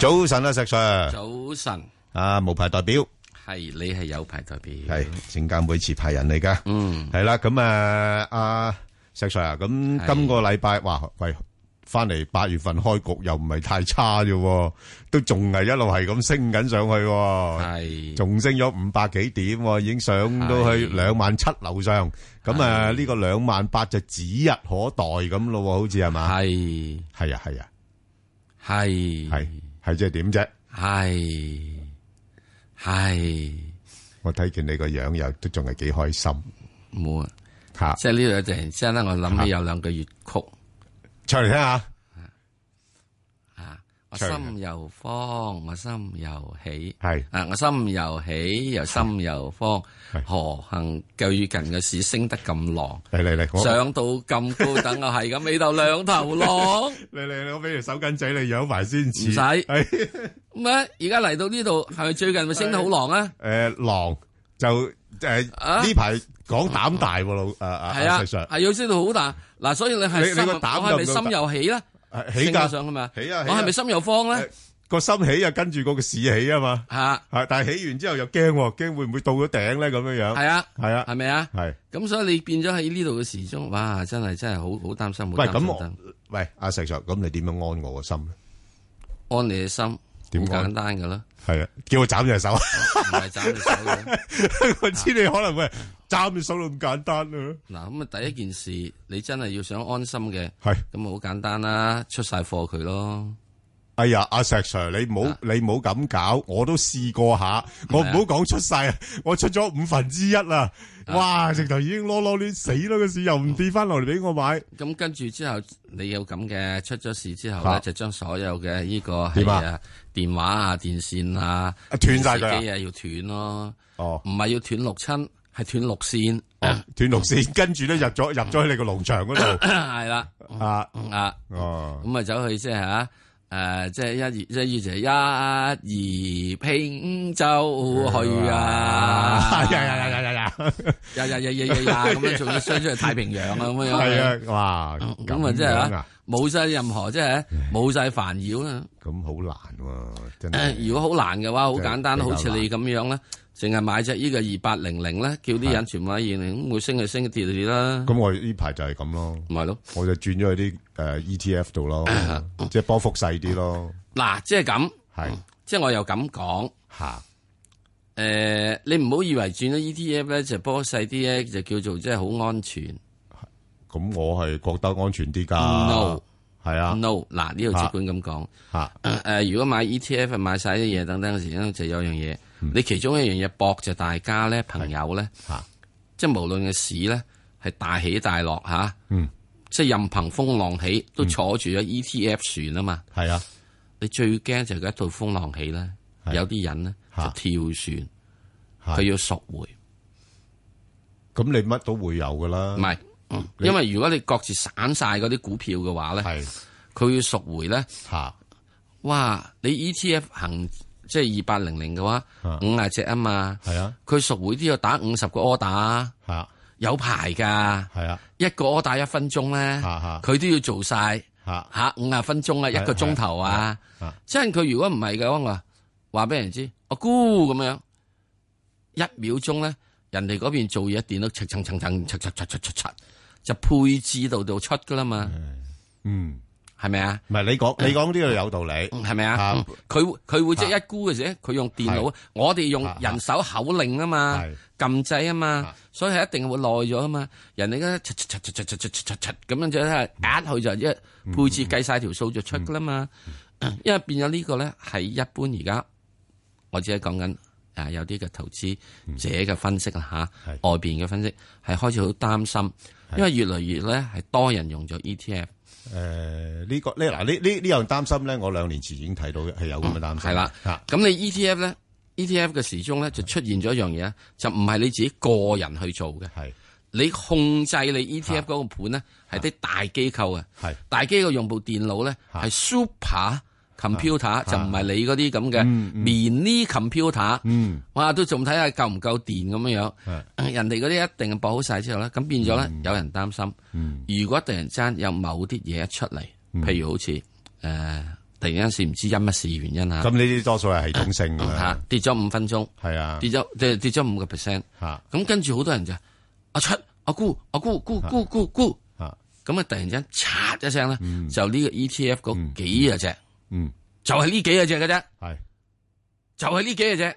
早晨啊，石 Sir！早晨。啊，無牌代表。係你係有牌代表。係證監會持牌人嚟噶。嗯。係啦，咁啊，阿石 Sir 啊，咁今個禮拜，哇，喂，翻嚟八月份開局又唔係太差啫，都仲係一路係咁升緊上去。係。仲升咗五百幾點，已經上到去兩萬七樓上。咁啊，呢個兩萬八就指日可待咁咯，好似係嘛？係。係啊，係啊。係。係。係即係點啫？係係，我睇見你個樣又都仲係幾開心。冇了啊，吓！即係呢度有陣，即係咧，我諗起有兩句粵曲，唱嚟，啊、聽下。我心又慌，我心又喜，係啊！我心又喜，又心又慌，何幸？最近嘅市升得咁狼，嚟嚟嚟，上到咁高等啊，係咁，你就兩頭狼，你你你我俾條手巾仔你養埋先，唔使。咁啊，而家嚟到呢度，係咪最近咪升得好狼啊？誒，狼就誒，呢排講膽大老，啊啊，係啊，係要升到好大嗱，所以你係你個膽係咪心又喜咧？起價上噶嘛，起啊，我係咪心又慌咧？個心起啊，跟住個市起啊嘛。吓吓，但係起完之後又驚，驚會唔會到咗頂咧？咁樣樣係啊，係啊，係咪啊？係。咁所以你變咗喺呢度嘅時鐘，哇！真係真係好好擔心。喂，咁喂阿石 Sir，咁你點樣安我個心咧？安你嘅心，點簡單噶啦？係啊，叫我斬隻手。唔係斬隻手。我知你可能會。揸住手都咁簡,、啊、是簡單啊。嗱，咁啊，第一件事你真係要想安心嘅，係咁啊，好簡單啦，出晒貨佢咯。哎呀，阿石 Sir，你唔好喏你唔好咁搞，我都試過下，我唔好講出晒，啊，我出咗五分之一啦，哇，直頭已經攞攞你死咯，個事又唔跌翻落嚟俾我買。咁、嗯嗯嗯、跟住之後，你有咁嘅出咗事之後咧，喏就將所有嘅呢、這個點啊,啊電話啊電線啊斷晒佢，機啊,啊斷了要斷咯，哦，唔係要斷六親。係斷六線，斷六線，跟住咧入咗入咗喺你個農場嗰度，係啦，啊啊，哦，咁啊走去即係啊，誒，即係一二即係以前一二平洲去啊，呀呀呀呀呀咁樣仲要衰出去太平洋咁樣，係哇，咁啊即係冇晒任何即係冇晒煩擾啊，咁好難喎，誒，如果好難嘅話，好簡單，好似你咁樣咧。淨係買隻呢個二八零零咧，叫啲人全部買二零，會升就升，跌就跌啦。咁我呢排就係咁咯，咪咯，就 我就轉咗去啲誒 E T F 度咯、 啊，即係波幅細啲咯。嗱，即係咁，係即係我又咁講吓，誒，你唔好以為轉咗 E T F 咧就波細啲咧，就叫做即係好安全。咁我係覺得安全啲噶，no，係啊，no，嗱呢度儘管咁講，誒、啊啊啊，如果買 E T F 買晒啲嘢，等等嗰時就有樣嘢。你其中一樣嘢搏就大家咧，朋友咧，即係無論嘅市咧係大起大落嚇，即係任憑風浪起都坐住咗 ETF 船啊嘛。係啊，你最驚就係一套風浪起啦，有啲人咧就跳船，佢要贖回。咁你乜都會有噶啦。唔係，因為如果你各自散晒嗰啲股票嘅話咧，佢要贖回咧，哇！你 ETF 行。即係二八零零嘅話，五廿隻啊嘛，係啊，佢熟會都要打五十個 order，係啊，有排噶，係啊，一個 order 一分鐘咧，佢都要做晒，吓五廿分鐘啊，一個鐘頭啊，即係佢如果唔係嘅話，話俾人知，我估咁樣，一秒鐘咧，人哋嗰邊做嘢，電腦層層層層就配置到到出噶啦嘛，嗯。係咪啊？唔係你講，你講呢個有道理，係咪啊？佢佢、um, 會即、嗯、一沽嘅時，佢用電腦，我哋用人手口令啊嘛，撳掣啊嘛，所以係一定會耐咗啊嘛。人哋咧，咁樣就壓佢就一配置計晒條數就出噶啦嘛。因為變咗呢個咧，係一般而家，我只係講緊誒，有啲嘅投資者嘅分析啦吓，啊嗯、外邊嘅分析係開始好擔心，因為越嚟越咧係多人用咗 ETF。誒，呢、呃這個呢，嗱、這個，呢呢呢有擔心咧，我兩年前已經睇到嘅，係、嗯、有咁嘅擔心。係啦，咁你 ETF 呢 ETF 咧，ETF 嘅時鐘咧就出現咗一樣嘢，就唔係你自己個人去做嘅，係的你控制你 ETF 嗰個盤咧係啲大機構嘅，係的大機構用部電腦咧係的的 super。Computer 就唔係你嗰啲咁嘅，迷你 computer，哇，都仲睇下夠唔夠電咁樣樣。人哋嗰啲一定係播好晒之後咧，咁變咗咧有人擔心，如果突然間有某啲嘢一出嚟，譬如好似誒，突然間是唔知因乜事原因吓，咁呢啲多數係系統性嘅，跌咗五分鐘，係啊，跌咗即係跌咗五個 percent，咁跟住好多人就阿出阿姑，阿姑，姑，姑，姑，姑！」咁啊突然間嚓一聲咧，就呢個 ETF 嗰幾啊隻。嗯，就係呢幾隻嘅啫，係就係呢幾隻，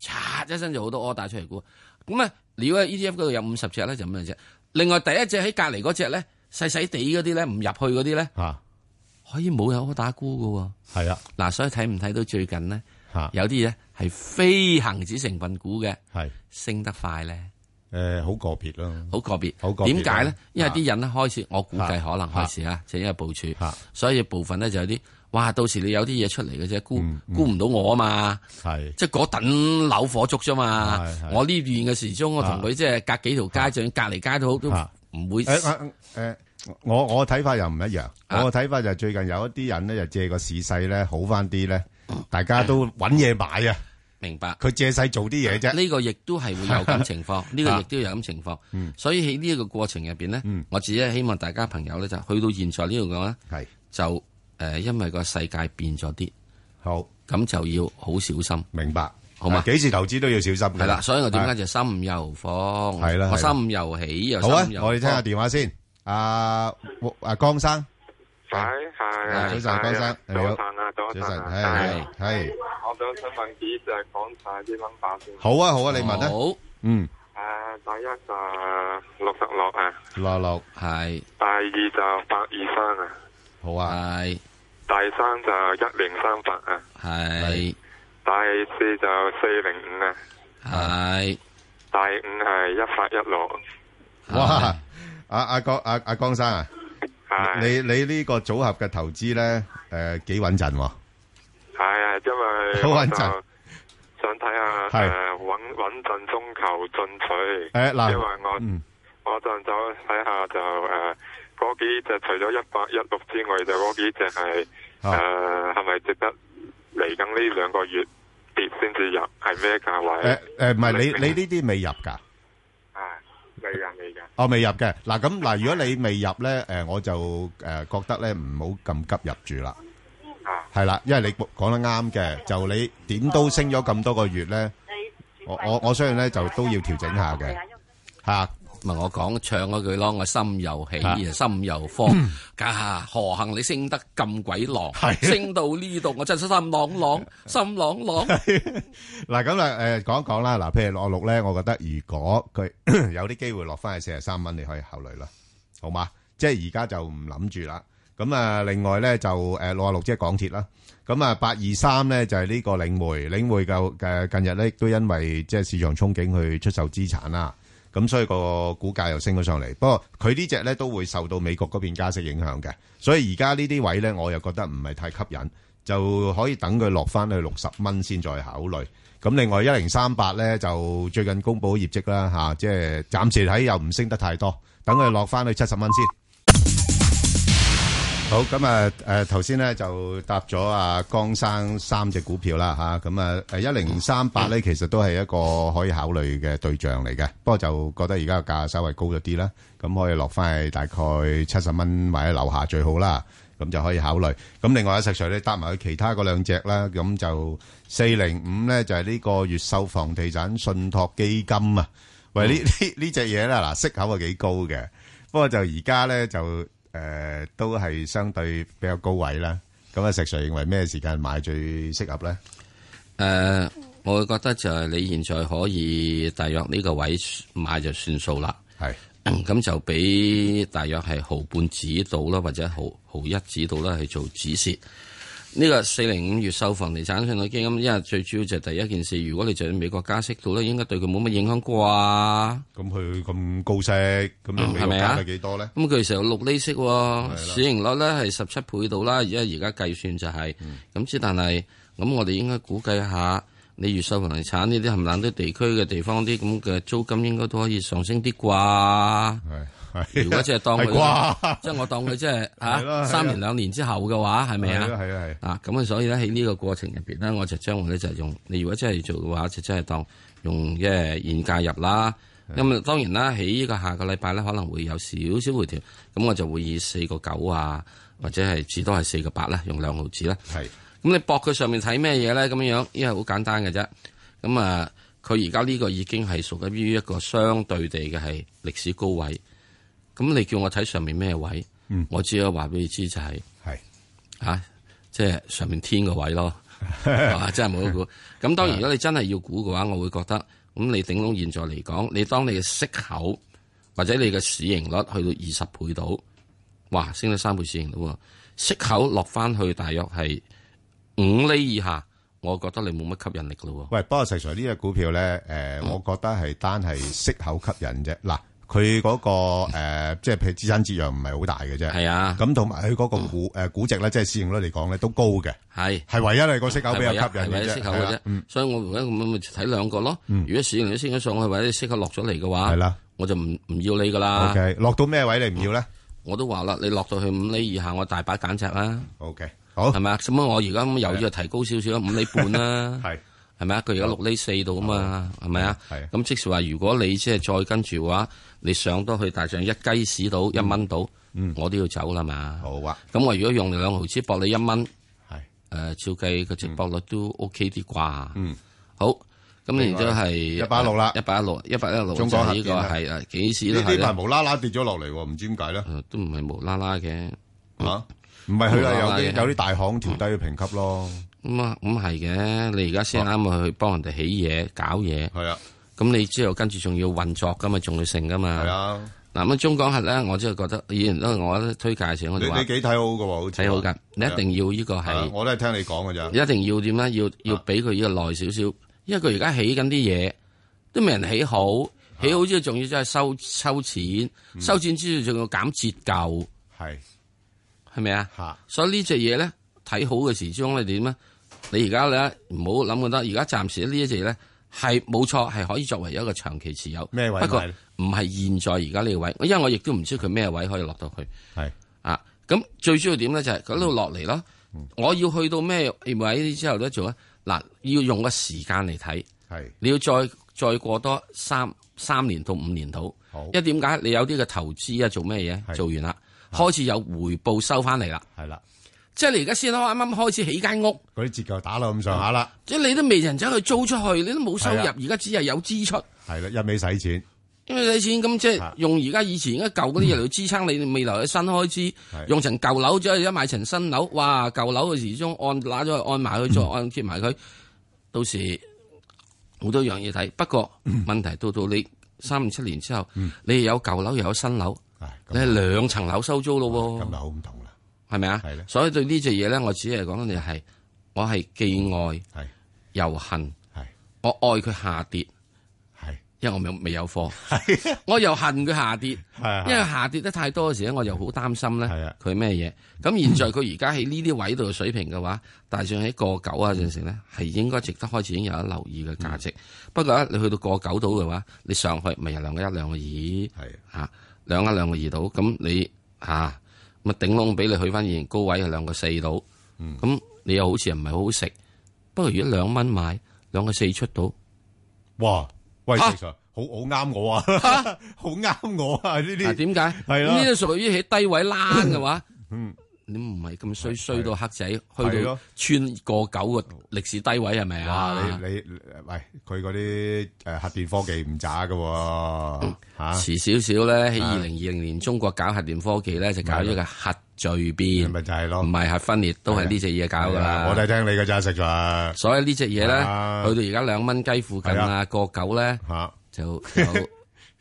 嚓一聲就好多柯打出嚟股，咁啊，如果 ETF 嗰度有五十隻咧，就噉樣隻。另外第一隻喺隔籬嗰隻咧，細細地嗰啲咧，唔入去嗰啲咧，吓可以冇有柯打股嘅，係啊，嗱，所以睇唔睇到最近咧，吓有啲嘢係非恆指成分股嘅，係升得快咧，誒，好個別咯，好個別，好個別，點解咧？因為啲人咧開始，我估計可能開始啊，就因為部署，所以部分咧就有啲。哇！到時你有啲嘢出嚟嘅啫，估估唔到我啊嘛！係即係嗰等樓火燭啫嘛！我呢邊嘅時鐘，我同佢即係隔幾條街，就隔籬街都好，都唔會。誒我我睇法又唔一樣。我嘅睇法就最近有一啲人呢，就借個市勢咧好翻啲咧，大家都揾嘢買啊！明白。佢借勢做啲嘢啫。呢個亦都係會有咁情況，呢個亦都有咁情況。所以喺呢一個過程入邊呢，我自己希望大家朋友咧就去到現場呢度講咧，係就。誒，因為個世界變咗啲，好，咁就要好小心，明白好嘛？幾時投資都要小心嘅。係啦，所以我點解就心又慌，係啦，心又喜又心又。好啊，我哋聽下電話先。阿阿江生，係係，早晨江生，早晨。早晨啊，早晨，係係。我想想問幾，就係講晒啲 number 先。好啊好啊，你問啦。好，嗯。誒，第一就六十六啊，六六係。第二就八二三啊，好啊，係。第三就一零三八啊，係是；第四就四零五啊，係是；第五係一八一六。哇！阿阿是、啊啊、江阿阿、啊、江生啊，是你你呢個組合嘅投資咧，誒幾穩陣？係啊、哦，因為好穩陣，想睇下誒穩穩陣中求進取。誒，嗱，因為我我就就睇下就誒。啊嗰幾隻除咗一百一六之外，就嗰幾隻係誒，係咪值得嚟緊呢兩個月跌先至入？係咩價位？誒誒，唔係你你呢啲未入噶，係未噶未噶。哦，未入嘅。嗱咁嗱，如果你未入咧，誒，我就誒覺得咧唔好咁急入住啦。啊，係啦，因為你講得啱嘅，就你點都升咗咁多個月咧，我我相信咧就都要調整下嘅，吓。問我講唱嗰句咯，我心又喜又心又慌，家何幸你升得咁鬼狼，升到呢度我真係心朗朗，心朗朗。嗱咁啊，誒講一講啦。嗱，譬如六六咧，我覺得如果佢有啲機會落翻去四十三蚊，你可以考慮啦，好嘛？即係而家就唔諗住啦。咁啊，另外咧就誒六六即係港鐵啦。咁啊八二三咧就係呢個領匯，領匯嘅誒近日咧都因為即係市場憧憬去出售資產啦。咁所以個股價又升咗上嚟，不過佢呢隻咧都會受到美國嗰邊加息影響嘅，所以而家呢啲位咧我又覺得唔係太吸引，就可以等佢落翻去六十蚊先再考慮。咁另外一零三八咧就最近公佈業績啦，嚇、啊，即係暫時睇又唔升得太多，等佢落翻去七十蚊先。好咁啊！誒頭先咧就搭咗阿江生三隻股票啦嚇，咁啊誒一零三八咧其實都係一個可以考慮嘅對象嚟嘅，不過就覺得而家個價稍微高咗啲啦，咁可以落翻去大概七十蚊或者樓下最好啦，咁就可以考慮。咁另外阿石 Sir 咧搭埋佢其他嗰兩隻啦，咁就四零五咧就係呢個越秀房地產信託基金啊，喂呢呢呢隻嘢咧嗱息口係幾高嘅，不過就而家咧就。誒、呃，都係相對比較高位啦。咁啊，石 Sir 認為咩時間買最適合咧？誒、呃，我會覺得就係你現在可以大約呢個位買就算數啦。係是，咁、嗯、就俾大約係毫半指到啦，或者毫毫一指到啦，去做止蝕。呢個四零五越秀房地產信託基金，因為最主要就第一件事，如果你就喺美國加息到咧，應該對佢冇乜影響啩？咁佢咁高息，咁、嗯、美國加息幾多咧？咁佢成六厘息，的市盈率咧係十七倍到啦，而家而家計算就係咁之，嗯、但係咁我哋應該估計下，你越秀房地產呢啲寒冷啲地區嘅地方啲咁嘅租金，應該都可以上升啲啩？如果即係當佢即係我當佢即係吓三年兩年之後嘅話係咪啊？係啊，係啊，咁啊， 所以咧喺呢個過程入邊咧，我就將會咧就係用你如果真係做嘅話就真係當用嘅現價入啦。咁啊，當然啦，喺呢個下個禮拜咧可能會有少少回調，咁我就會以四個九啊或者係至多係四個八啦，用兩毫紙啦。係咁你搏佢上面睇咩嘢咧？咁樣因為好簡單嘅啫。咁啊，佢而家呢個已經係屬於一個相對地嘅係歷史高位。咁你叫我睇上面咩位？嗯、我只係話俾你知就係、是，係是啊，即、就、係、是、上面天個位咯， 真係冇得估。咁 當然如果你真係要估嘅話，我會覺得，咁你頂籠現在嚟講，你當你嘅息口或者你嘅市盈率去到二十倍到，哇，升咗三倍市盈率咯，息口落翻去大約係五厘以下，我覺得你冇乜吸引力噶咯。喂，不過實際呢隻股票咧，誒、呃，我覺得係單係息口吸引啫。嗱。佢嗰個即係譬如資產質量唔係好大嘅啫。係啊，咁同埋佢嗰個股誒估值咧，即係市盈率嚟講咧，都高嘅。係係唯一你個息口比較吸引嘅息口嘅啫。所以我而家咁咪睇兩個咯。如果市盈率升咗上去或者你息口落咗嚟嘅話，係啦，我就唔唔要你噶啦。落到咩位你唔要咧？我都話啦，你落到去五厘以下，我大把揀擇啦。OK，好係嘛？咁我而家又要提高少少啦，五厘半啦。係。係咪啊？佢而家六厘四度啊嘛，係咪啊？係。咁即使話，如果你即係再跟住嘅話，你上到去大上一雞屎度一蚊到，嗯，我都要走啦嘛。好啊。咁我如果用兩毫子博你一蚊，係誒，照計個值博率都 OK 啲啩。嗯。好。咁你而家係一百一六啦，一百一六，一百一六。中講呢個係啊？幾時呢？呢啲係無啦啦跌咗落嚟，唔知點解咧？都唔係無啦啦嘅，吓，唔係佢有啲有啲大行調低評級咯。咁啊，咁係嘅。你而家先啱去去幫人哋起嘢，搞嘢。係啊。咁你之後跟住仲要運作噶嘛，仲要成噶嘛。係啊。嗱，咁中港客咧，我真係覺得以前都我推介時，我哋話你幾睇好噶，睇好噶。你一定要呢個係，我都係聽你講噶咋。一定要點咧？要要俾佢呢個耐少少，因為佢而家起緊啲嘢，都未人起好。起好之後，仲要即係收收錢，收錢之後仲要減折舊，係係咪啊？吓。所以呢隻嘢咧。睇好嘅時鐘，你點咧？你而家咧唔好諗咁多，而家暫時呢一隻嘢咧係冇錯，係可以作為一個長期持有。咩位？不過唔係現在而家呢個位，因為我亦都唔知佢咩位可以落到去。係是啊，咁最主要點咧就係嗰度落嚟咯。嗯、我要去到咩位之後咧做咧？嗱，要用個時間嚟睇。係是你要再再過多三三年到五年到。好因為點解你有啲嘅投資啊做咩嘢？做完啦，是開始有回報收翻嚟啦。係啦。即係你而家先咯，啱啱開始起間屋，嗰啲折舊打到咁上下啦。嗯、即係你都未曾走去租出去，你都冇收入，而家只係有支出。係啦，一味使錢，一味使錢咁即係用而家以前而家舊嗰啲嘢嚟去支撐你未嚟嘅新開支，的用成舊樓而家買成新樓，哇！舊樓嘅時鐘按拿咗去按埋去，再按揭埋佢，嗯、到時好多樣嘢睇。不過、嗯、問題到到你三五七年之後，嗯、你有舊樓又有新樓，你係兩層樓收租咯喎。咁就好唔同。係咪啊？ 所以對呢隻嘢咧，我只係講緊你係，我係既愛又恨。是我愛佢下跌，是因為我未未有貨。是的 我又恨佢下跌，因為下跌得太多嘅時咧，我又好擔心咧。佢咩嘢？咁現在佢而家喺呢啲位度嘅水平嘅話，大上喺過九啊陣時咧，係應該值得開始已經有一留意嘅價值。的不過咧，你去到過九到嘅話，你上去咪又兩個一兩個二，吓兩一兩個二度。咁、啊、你吓。啊咪頂籠俾你去翻現高位啊，兩個四到，咁你又好似唔係好好食。不過如果兩蚊買，兩個四出到，哇，喂，啊、其實好好啱我啊，啊呵呵好啱我啊，呢啲點解？係咯、啊，呢啲屬於喺低位攔嘅話， 嗯。你唔係咁衰，衰到黑仔去到穿過九個歷史低位係咪啊？你你喂佢嗰啲誒核電科技唔渣噶，遲、嗯啊、少少咧喺二零二零年中國搞核電科技咧，就搞咗個核聚變，咪就係咯，唔係核分裂都係呢隻嘢搞噶啦。我都係聽你嘅咋食咗。所以隻呢隻嘢咧去到而家兩蚊雞附近的啊，個九咧就有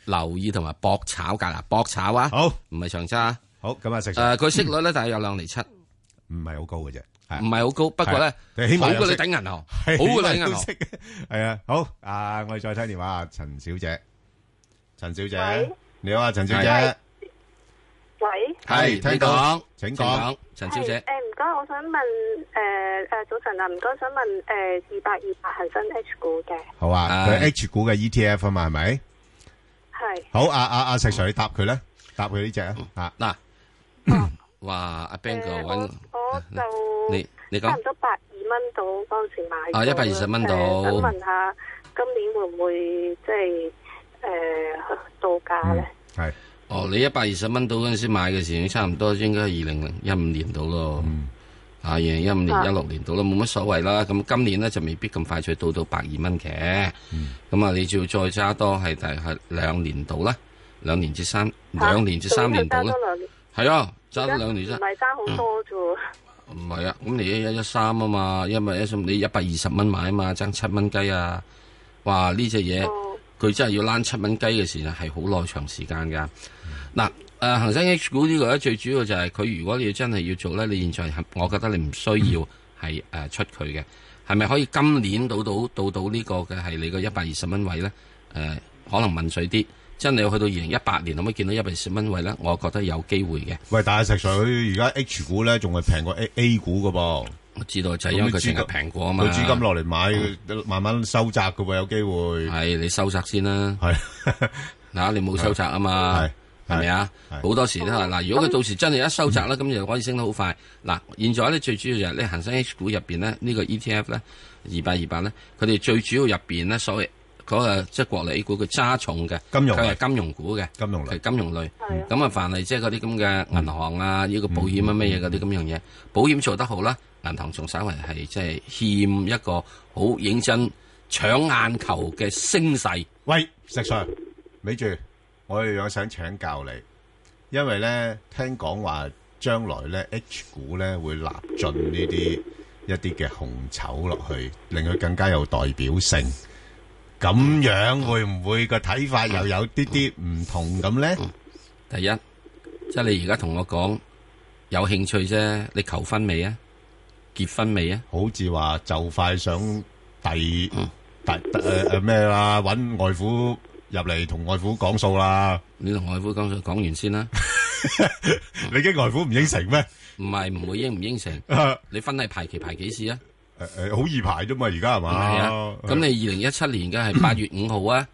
留意同埋博炒噶啦，博炒啊，好唔係長揸。好咁啊！石，誒，佢息率咧，大約有兩厘七，唔係好高嘅啫，唔係好高。不過咧，起碼好過你頂銀行，好過你頂銀行。係啊，好啊，我哋再聽電話啊，陳小姐，陳小姐，你好啊，陳小姐，喂，係，聽到，請講，陳小姐，誒，唔該，我想問，誒誒，早晨啊，唔該，想問，誒，二八二八恆生 H 股嘅，好啊，佢 H 股嘅 ETF 啊嘛，係咪？係，好啊啊啊！石 Sir，你答佢咧，答佢呢隻啊，啊嗱。哇、啊！阿 Ben 就搵，我就你你差唔多百二蚊到嗰陣時買，啊一百二十蚊到。我問下今年會唔會即係誒去到價咧？係、嗯、哦，你一百二十蚊到嗰陣時候買嘅時候，你差唔多應該係二零零一五年到咯。嗯、啊二零一五年、一六年到咯，冇乜所謂啦。咁今年咧就未必咁快脆到到百二蚊嘅。咁、嗯、啊，你照再揸多係大係兩年到啦，兩年至三兩年至三年度啦。啊係啊，爭兩年啫，唔係爭好多啫。唔係、嗯、啊，咁你一一一三啊嘛，因為你一百二十蚊買啊嘛，爭七蚊雞啊，哇！呢隻嘢佢、嗯、真係要攣七蚊雞嘅時間，係好耐長時間噶。嗱、嗯，誒、啊，恒生 H 股呢個咧，最主要就係、是、佢如果你真係要做咧，你現在係，我覺得你唔需要係誒出佢嘅，係咪、嗯、可以今年到到到到個呢個嘅係你個一百二十蚊位咧？誒、呃，可能問水啲。真係要去到二零一八年，可唔可以見到一百二十蚊位咧？我覺得有機會嘅。喂，大石水，而家 H 股咧仲係平過 A A 股嘅噃。我知道就係因為佢資金平過啊嘛，佢資、嗯、金落嚟買，慢慢收窄嘅喎，有機會。係、哎、你收窄先啦。係嗱、 啊，你冇收窄啊嘛？係係咪啊？好多時都係嗱，是如果佢到時真係一收窄啦，咁、嗯、就可以升得好快。嗱、啊，現在咧最主要就係你恒生 H 股入邊咧呢、這個 ETF 咧二八二八咧，佢哋最主要入邊咧所謂。嗰個即係國企股，嘅揸重嘅，金融係金融股嘅，係金融類。咁啊，嗯、凡係即係嗰啲咁嘅銀行啊，呢個、嗯、保險啊，乜嘢嗰啲咁樣嘢，嗯、保險做得好啦，銀行仲稍為係即係欠一個好認真搶眼球嘅聲勢。喂，石 Sir，咪住，我又有想請教你，因為咧聽講話將來咧 H 股咧會立進呢啲一啲嘅紅籌落去，令佢更加有代表性。咁樣會唔會個睇法，又有啲啲唔同咁咧？第一，即係你而家同我講有興趣啫，你求婚未啊？結婚未啊？好似話就快想第第誒誒咩啦？搵外父入嚟同外父講數啦！你同外父講講完先啦？ 你驚外父唔應承咩？唔係唔會應唔應承？ 你婚禮排期排幾次啊？誒好易排啫嘛，而家係嘛？係啊。咁你二零一七年嘅係八月五號啊，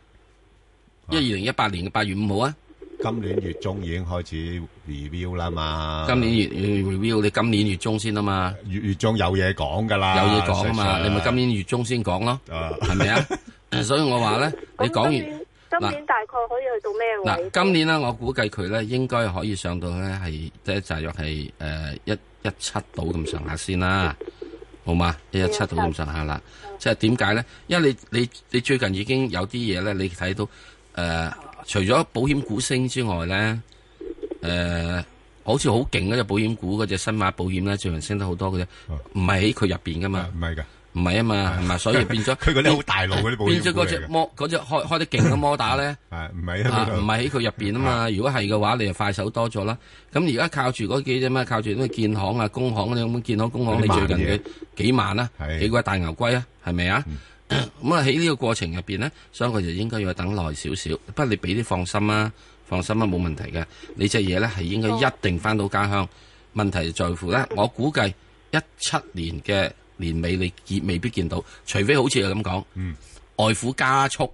一二零一八年嘅八月五號啊。今年月中已經開始 review 啦嘛。今年月 review，你今年月中先啊嘛。月月中有嘢講噶啦。有嘢講啊嘛，你咪今年月中先講咯，係咪啊？所以我話咧，你講完。今年大概可以去到咩位？嗱，今年咧，我估計佢咧應該可以上到咧係，即係大約係誒一一七度咁上下先啦。好嘛，一一七到咁上下啦。即係點解咧？因為你你你最近已經有啲嘢咧，你睇到誒，除咗保險股升之外咧，誒、呃，好似好勁嗰隻保險股嗰隻新華保險咧，最近升得好多嘅，唔係喺佢入邊噶嘛？唔係噶。唔係啊嘛，唔係、啊，所以變咗佢嗰啲好大腦嘅。變咗嗰隻摩嗰隻 開開得勁嘅摩打咧，係唔係啊？唔係喺佢入邊啊，啊面嘛。 如果係嘅話，你就快手多咗啦。咁而家靠住嗰幾隻咩？靠住咩建行啊、工行嗰啲咁。建行、工行、行、工行你最近嘅幾萬啊，的幾鬼大牛龜啊，係咪啊？咁、嗯、 啊喺呢個過程入邊咧，所以佢就應該要等耐少少。不過你俾啲放心啊，放心啊，冇問題嘅。你隻嘢咧係應該一定返到家鄉。嗯、問題在乎咧，我估計一七年嘅。年尾你見未必見到，除非好似佢咁講，外父加速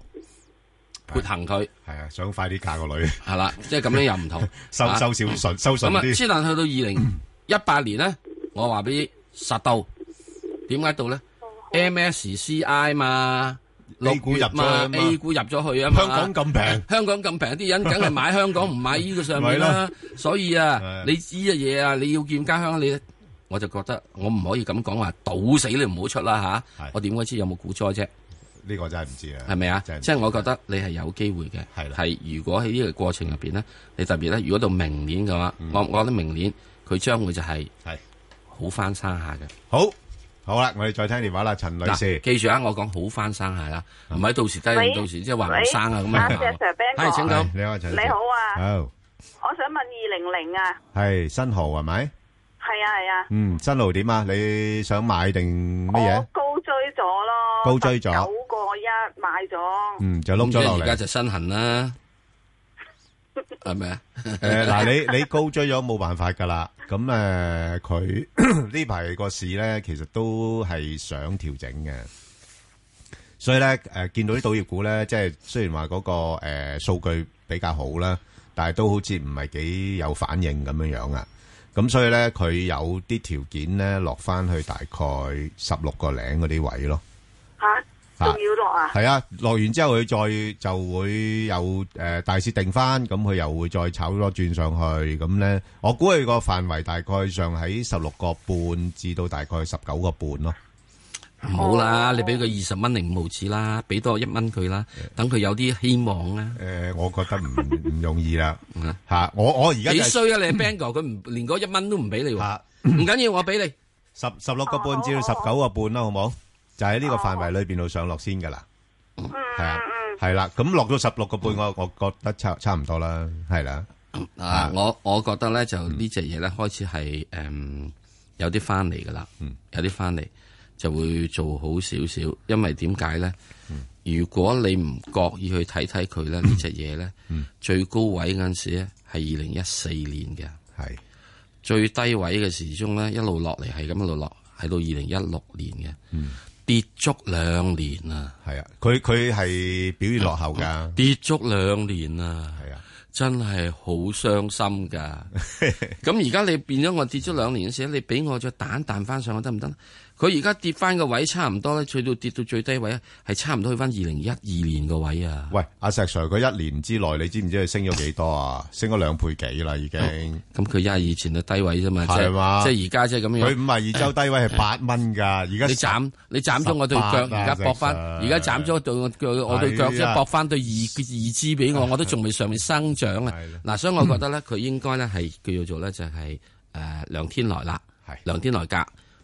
撥行佢，係啊，想快啲嫁個女，係啦，即係咁樣又唔同，收收少少，收少啲。咁啊，先能去到二零一八年咧，我話俾你實到點解到咧？MSCI 嘛，A 股入嘛，A 股入咗去啊嘛，香港咁平，香港咁平，啲人梗係買香港唔買依個上面啦。所以啊，你知嘅嘢啊，你要見家鄉你。我就覺得我唔可以咁講話，堵死你唔好出啦吓！我點鬼知有冇股災啫？呢個真係唔知啊！係咪啊？即係我覺得你係有機會嘅。係係如果喺呢個過程入邊咧，你特別咧，如果到明年嘅話，我我覺得明年佢將會就係好翻生下嘅。好，好啦，我哋再聽電話啦，陳女士，記住啊，我講好翻生下啦，唔係到時低到時即係話唔生啊咁啊，多謝 Sir Ben，你好，請你好，陳，你好啊。我想問二零零啊。係新濠係咪？係啊係啊，嗯，新路點啊？你想買定乜嘢？我高追咗咯，高追咗九個一買咗，嗯，就窿咗落嚟，而家就身痕啦，係咪啊？誒，嗱，你你高追咗冇辦法噶啦，咁誒，佢呢排個市咧，其實都係想調整嘅，所以咧，誒，見到啲賭業股咧，即係雖然話嗰個誒數據比較好啦，但係都好似唔係幾有反應咁樣樣啊。咁所以咧，佢有啲條件咧，落翻去大概十六個零嗰啲位咯。嚇、啊、要落啊？係啊，落完之後佢再就會有誒、呃、大市定翻，咁佢又會再炒多轉上去。咁咧，我估佢個範圍大概上喺十六個半至到大概十九個半咯。唔好啦，你俾佢二十蚊零五毫紙啦，俾多一蚊佢啦，等佢有啲希望啦。誒、呃，我覺得唔唔容易啦吓， 我我而家幾衰啊！你 b a n g o 佢唔連嗰一蚊都唔俾你喎，啊，唔緊要，我俾你十十六個半至到十九個半啦，好冇？就喺呢個範圍裏邊度上落先噶啦，係 啊，係啦，啊，咁落、啊、到十六個半，我我覺得差差唔多啦，係啦，啊，我我覺得咧就呢隻嘢咧開始係誒有啲翻嚟噶啦，有啲翻嚟。就會做好少少，因為點解咧？如果你唔覺意去睇睇佢咧，呢隻嘢咧，最高位嗰陣時咧係二零一四年嘅，係最低位嘅時鐘咧一路落嚟係咁一路落，喺到二零一六年嘅，跌足兩年啊！係啊，佢佢係表現落後噶，跌足兩年啊！係啊，真係好傷心噶！咁而家你變咗我跌足兩年嘅時，你俾我隻蛋彈翻上，得唔得？佢而家跌翻個位差唔多咧，去到跌到最低位咧，係差唔多去翻二零一二年個位啊！喂，阿石 Sir，佢一年之內你知唔知佢升咗幾多啊？升咗兩倍幾啦，已經。咁佢一下以前嘅低位啫嘛，即係話即係而家即係咁樣。佢五十二周低位係八蚊噶，而家你斬你斬咗我對腳，而家搏翻，而家斬咗對腳，我對腳即係搏翻對二二支俾我，我都仲未上面生長啊！嗱，所以我覺得咧，佢應該咧係叫做咧就係誒兩天來啦，兩天來噶。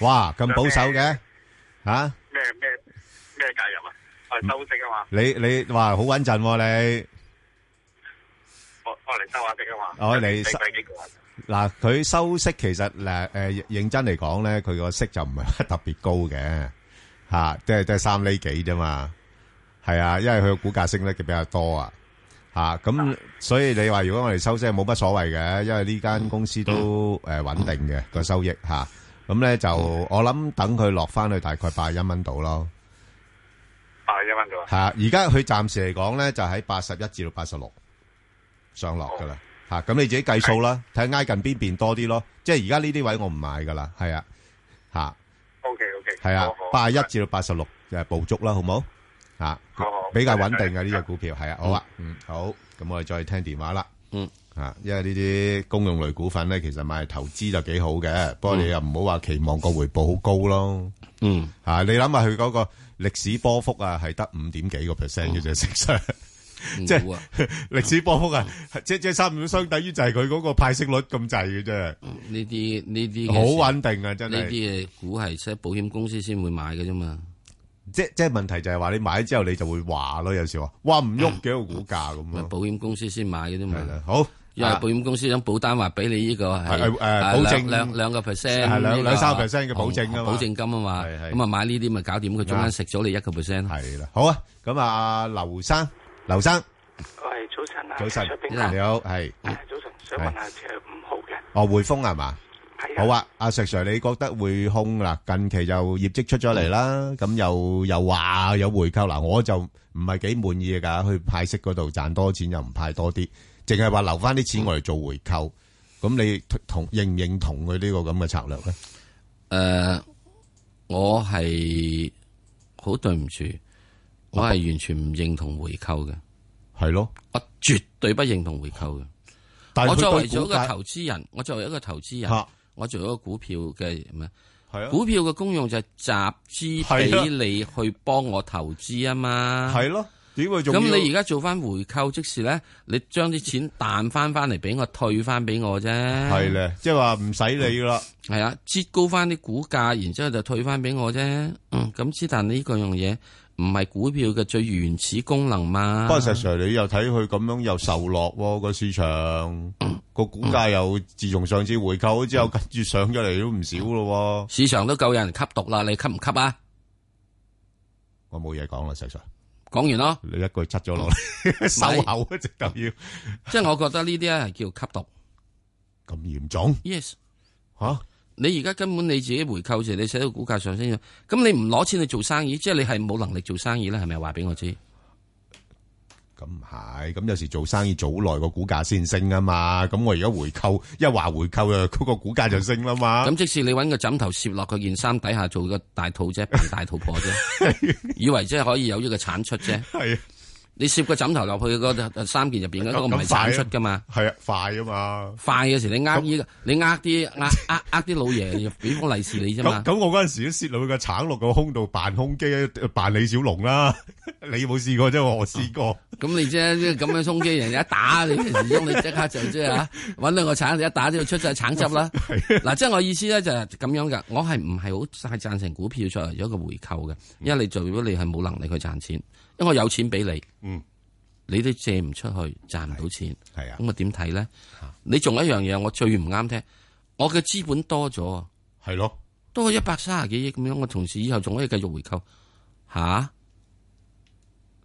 哇，咁保守嘅，吓咩咩咩介入啊？我哋，收息啊嘛。你你話好穩陣你，我我嚟收下息啊嘛。我嚟收幾股啊？嗱，佢收息其實嗱誒認真嚟講咧，佢個息就唔係特別高嘅吓，即係即係三厘幾啫嘛。係啊，因為佢個股價升得嘅比較多啊。吓咁，所以你話如果我哋收息冇乜所謂嘅，因為呢間公司都誒穩定嘅個收益吓。咁咧就我諗等佢落翻去大概八十一蚊到咯，八十一蚊到係啊！而家佢暫時嚟講咧就喺八十一至到八十六上落噶啦，吓咁，你自己計數啦，睇下挨近邊邊多啲咯。即係而家呢啲位我唔買噶啦，係啊，吓。O K O K 係啊，八十一至到八十六就係捕捉啦，好唔好？吓，比較穩定嘅呢隻股票係啊，好啊，嗯，好，咁我哋再聽電話啦。嗯，啊，因為呢啲公用類股份咧，其實買投資就幾好嘅，嗯、不過你又唔好話期望個回報好高咯。嗯，啊，你諗下佢嗰個歷史波幅啊，係得五點幾個 percent 嘅啫，升上、嗯，即係歷、嗯、 史波幅啊，即即三秒相等於就係佢嗰個派息率咁滯嘅啫。呢啲呢啲好穩定啊，真係啲股係即係保險公司先會買嘅啫嘛。即即係問題就係話你買咗之後你就會話咯，有時話哇唔喐幾個股價咁咯。保險公司先買嘅啲咪啦，好又係保險公司想保單話俾你呢個係誒保證兩兩個 percent，係兩兩三個 percent 嘅保證咯，保證金啊嘛，咁啊買呢啲咪搞掂，佢中間食咗你一個 percent 係啦。好啊，咁啊劉生，劉生，喂，早晨啊，早晨啊，你好，係早晨，想問下即係五號嘅，哦，匯豐係嘛？好啊，阿石 Sir，你覺得會空啦？近期又業績出咗嚟啦，咁又又話有回購啦，我就唔係幾滿意噶，去派息嗰度賺多錢又唔派多啲，淨係話留翻啲錢我嚟做回購，咁你同認唔認同佢呢個咁嘅策略咧？誒，我係好對唔住，我係完全唔認同回購嘅。係咯，我絕對不認同回購嘅。我作為咗一個投資人，我作為一個投資人。我做咗個股票嘅咩？係啊，股票嘅功用就係集資俾你去幫我投資啊嘛。係咯、啊，點會做？咁你而家做翻回購即時咧，你將啲錢彈翻翻嚟，俾我退翻俾我啫。係咧，即係話唔使你啦。係啊，折高翻啲股價，然之後就退翻俾我啫。嗯，咁之但呢個樣嘢，唔係股票嘅最原始功能嘛？不過石 Sir，你又睇佢咁樣又受落喎，個市場個股價又自從上次回購咗之後，跟住上咗嚟都唔少咯。市場都夠有人吸毒啦，你吸唔吸啊？我冇嘢講啦，石 Sir。講完咯。你一句窒咗落嚟，收口一直就要。即係我覺得呢啲咧係叫吸毒，咁嚴重？Yes，吓。你而家根本你自己回購時，你寫到股價上升咗，咁你唔攞錢去做生意，即係你係冇能力做生意咧，係咪？話俾我知。咁唔係，咁、嗯、有時做生意早好耐個股價先升啊嘛。咁我而家回購一話回購啊，嗰個股價就升啦嘛。咁 即使你揾個枕頭攝落佢件衫底下做個大肚啫，扮大肚婆啫， 以為即係可以有呢個產出啫。係啊。 你摵個枕頭落去三件入邊嗰個唔係產出㗎嘛？係啊，啊，快啊嘛！快嘅時你呃依、這個，啊、你呃啲呃呃呃啲老爺俾 封利是你啫嘛！咁、啊啊、我嗰陣時都摵落個橙落個胸度扮胸肌，扮李小龍啦、啊！你冇試過啫？我試過。咁 你啫咁樣衝擊，人哋一打你，你即刻就即係嚇揾兩個橙，你一打就要出曬橙汁啦！嗱、 啊，即係我意思咧就係咁樣㗎。我係唔係好贊成股票出嚟，有一個回購嘅？因為你如果你係冇能力去賺錢。等我有錢俾你，嗯，你都借唔出去，賺唔到錢，係啊。咁我點睇咧？的你仲有一樣嘢，我最唔啱聽，我嘅資本多咗，係咯的，多咗一百三十幾億咁樣，我同時以後仲可以繼續回購，吓、啊，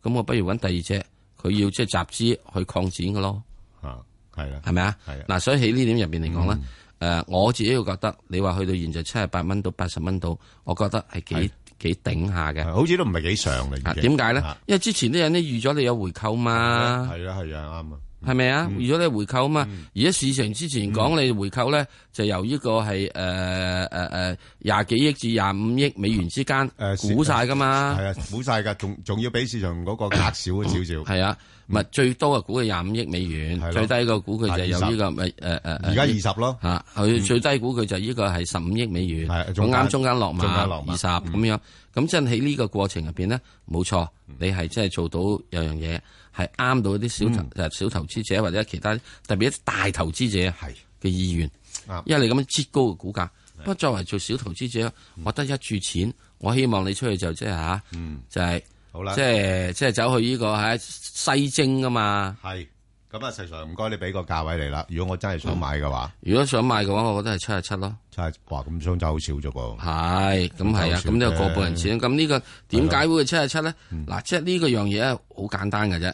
咁我不如搵第二隻，佢要即係集資去擴展嘅咯，啊，係啦，係咪啊？係啊的。嗱的，所以喺呢點入邊嚟講咧，誒、嗯呃，我自己會覺得，你話去到現在七十八蚊到八十蚊度，我覺得係幾。的幾頂下嘅，好似都唔係幾常嚟嘅。點解咧？為呢 因為之前啲人都預咗你有回購嘛。係啊，係啊，啱啊。係咪啊？如果你回購嘛，而家市場之前講你回購咧，就由呢個係誒誒誒廿幾億至廿五億美元之間誒估晒噶嘛，係啊，估晒噶，仲仲要比市場嗰個額少少少。係啊，唔最多嘅估佢廿五億美元，最低嘅估佢就由呢個咪誒誒而家二十咯吓，佢最低估佢就呢個係十五億美元，咁啱中間落嘛。二十咁樣，咁真喺呢個過程入邊呢，冇錯，你係真係做到有樣嘢。係啱到啲小投，就係小投資者或者其他，特別一啲大投資者嘅意願。是因為你咁樣折高嘅股價，是不過作為做小投資者，我得一注錢，我希望你出去就即係吓，就係、是嗯、好啦，即係即係走去呢、這個喺、啊、西貢啊嘛。係咁啊，細財唔該你俾個價位你啦。如果我真係想買嘅話，如果想買嘅話，我覺得係七十七咯。七十七哇，咁相差好少啫噃。係咁係啊，咁、這個、呢、嗯這個過半人錢咁呢個點解會七十七咧？嗱，即係呢個樣嘢好簡單嘅啫。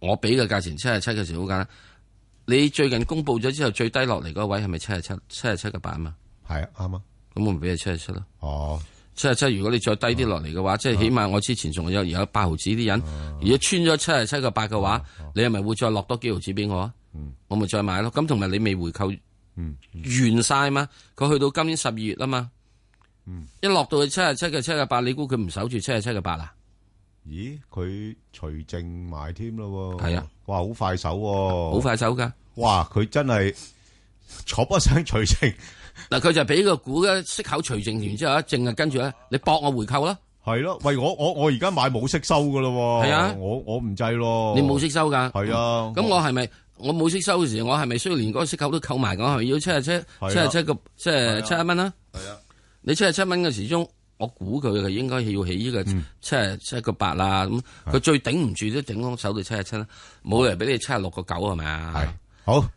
我俾嘅價錢七十七嘅時，好簡單，你最近公布咗之後最低落嚟嗰位係咪七十七七十七個八嘛？係啊，啱啊。咁我咪俾你七十七咯。哦，七十七，如果你再低啲落嚟嘅話，嗯、即係起碼我之前仲有有八毫子啲人，如果、嗯、穿咗七十七個八嘅話，嗯、你係咪會再落多幾毫子俾我啊？嗯、我咪再買咯。咁同埋你未回扣，完晒嘛？佢、嗯嗯、去到今年十二月啊嘛，嗯、一落到去七十七嘅、七十八，你估佢唔守住七十七個八啊？咦，佢除淨埋添咯，係啊，哇，好快手，好快手噶，哇，佢真係坐不省除淨，嗱，佢就俾個股嘅息口除淨，完之後一淨啊，跟住咧，你搏我回購啦，係咯，喂，我我我而家買冇息收噶咯，係啊，我我唔制咯，你冇息收噶，係啊，咁我係咪我冇息收嘅時候，我係咪需要連嗰個息口都扣埋咁，係要七十七七十七個即係七十七蚊啊？係啊，你七十七蚊嘅時鐘。我估佢佢應該要起呢個七七個八啦，咁佢最頂唔住都頂空手到七七啦，冇人俾你七十六個九，係咪啊？係好，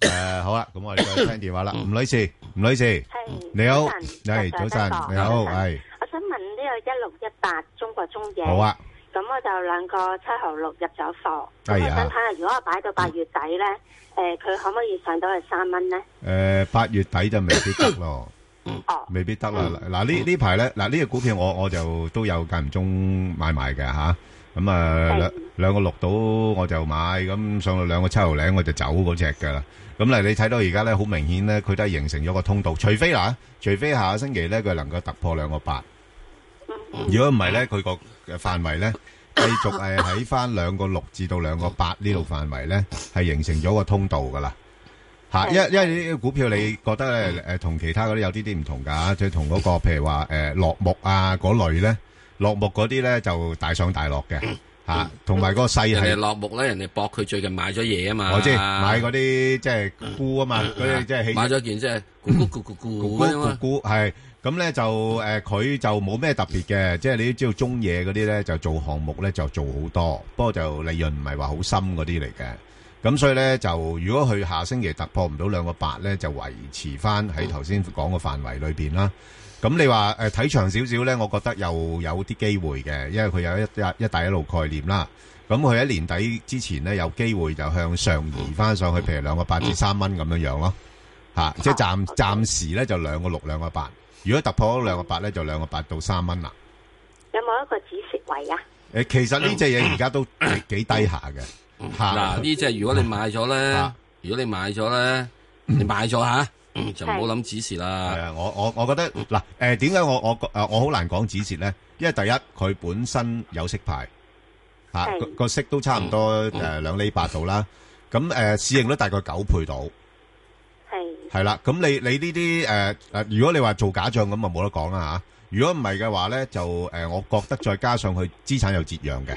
誒好啦，咁我哋就聽電話啦。吳女士，吳女士，係，你好，係早晨，你好，係。我想問呢個一六一八中國中冶，好啊。咁我就兩個七號六入咗貨，我想睇下如果我擺到八月底咧，誒佢可唔可以上到係三蚊咧？誒八月底就未必得咯。嗯、未必得啦，嗱呢呢排呢，嗱呢隻股票我 我就都有間唔中買埋嘅吓，咁啊兩兩個六度我就買，咁、嗯、上到兩個七頭領我就走嗰隻噶啦，咁、嗯、嗱你睇到而家呢，好明顯呢，佢都係形成咗個通道，除非啦，除非下個星期呢，佢能夠突破兩個八，如果唔係呢，佢個範圍呢，繼續係喺翻兩個六至到兩個八呢度範圍呢，係形成咗個通道噶啦。吓，因因為呢個股票你覺得咧，誒同其他嗰啲有啲啲唔同噶，即係同嗰個譬如話誒落木啊嗰類咧，落木嗰啲咧就大上大落嘅，吓，同埋個細係落木咧，人哋博佢最近買咗嘢啊嘛，買嗰啲即係沽啊嘛，嗰啲即係買咗件即係沽沽沽沽沽沽沽沽，係咁咧就誒佢就冇咩特別嘅，即係你都知道中嘢嗰啲咧就做項目咧就做好多，不過就利潤唔係話好深嗰啲嚟嘅。咁所以咧，就如果佢下星期突破唔到兩個八咧，就維持翻喺頭先講嘅範圍裏邊啦。咁你話誒睇長少少咧，我覺得又有啲機會嘅，因為佢有一一帶一路概念啦。咁佢喺年底之前咧有機會就向上移翻上去，譬如兩個八至三蚊咁樣樣咯。嚇、啊，即係暫、oh, okay. 暫時咧就兩個六兩個八。如果突破咗兩個八咧，就兩個八到三蚊啦。有冇一個止蝕位啊？誒、呃，其實呢隻嘢而家都幾低下嘅。嗱，呢即係如果你買咗咧，如果你買咗咧，你買咗吓就唔好諗止蝕啦。係呀，我我我覺得嗱，誒，點解我我誒我好難講止蝕咧，因為第一佢本身有息派，吓個息都差唔多誒兩厘八度啦。咁誒市盈率大概九倍度，係係啦。咁你你呢啲誒誒，如果你話做假賬咁就冇得講啦吓。如果唔係嘅話咧，就誒我覺得再加上佢資產又折讓嘅。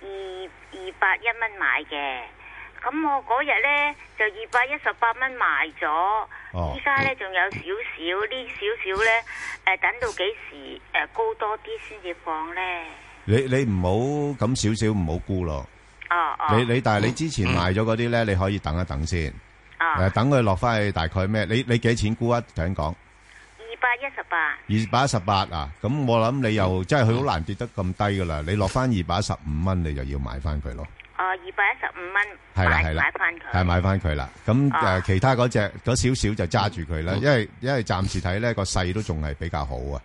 二二百一蚊買嘅，咁我嗰日呢，就二百一十八蚊賣咗，依家、哦、呢，仲有少少呢少少呢，誒、呃，等到幾時誒、呃、高多啲先至放呢？你你唔好咁少少唔好沽咯。哦哦、你你但係你之前賣咗嗰啲呢，嗯、你可以等一等先、哦、呃、等佢落翻去大概咩？你你幾錢沽啊？請講。二百一十八，二百一十八啊！咁我諗你又即係佢好難跌得咁低噶啦，你落翻二百一十五蚊，你就要買翻佢咯。哦，二百一十五蚊，係啦係啦，買翻佢，係買翻佢啦。咁誒，其他嗰隻嗰少少就揸住佢啦，因為因為暫時睇咧個勢都仲係比較好啊。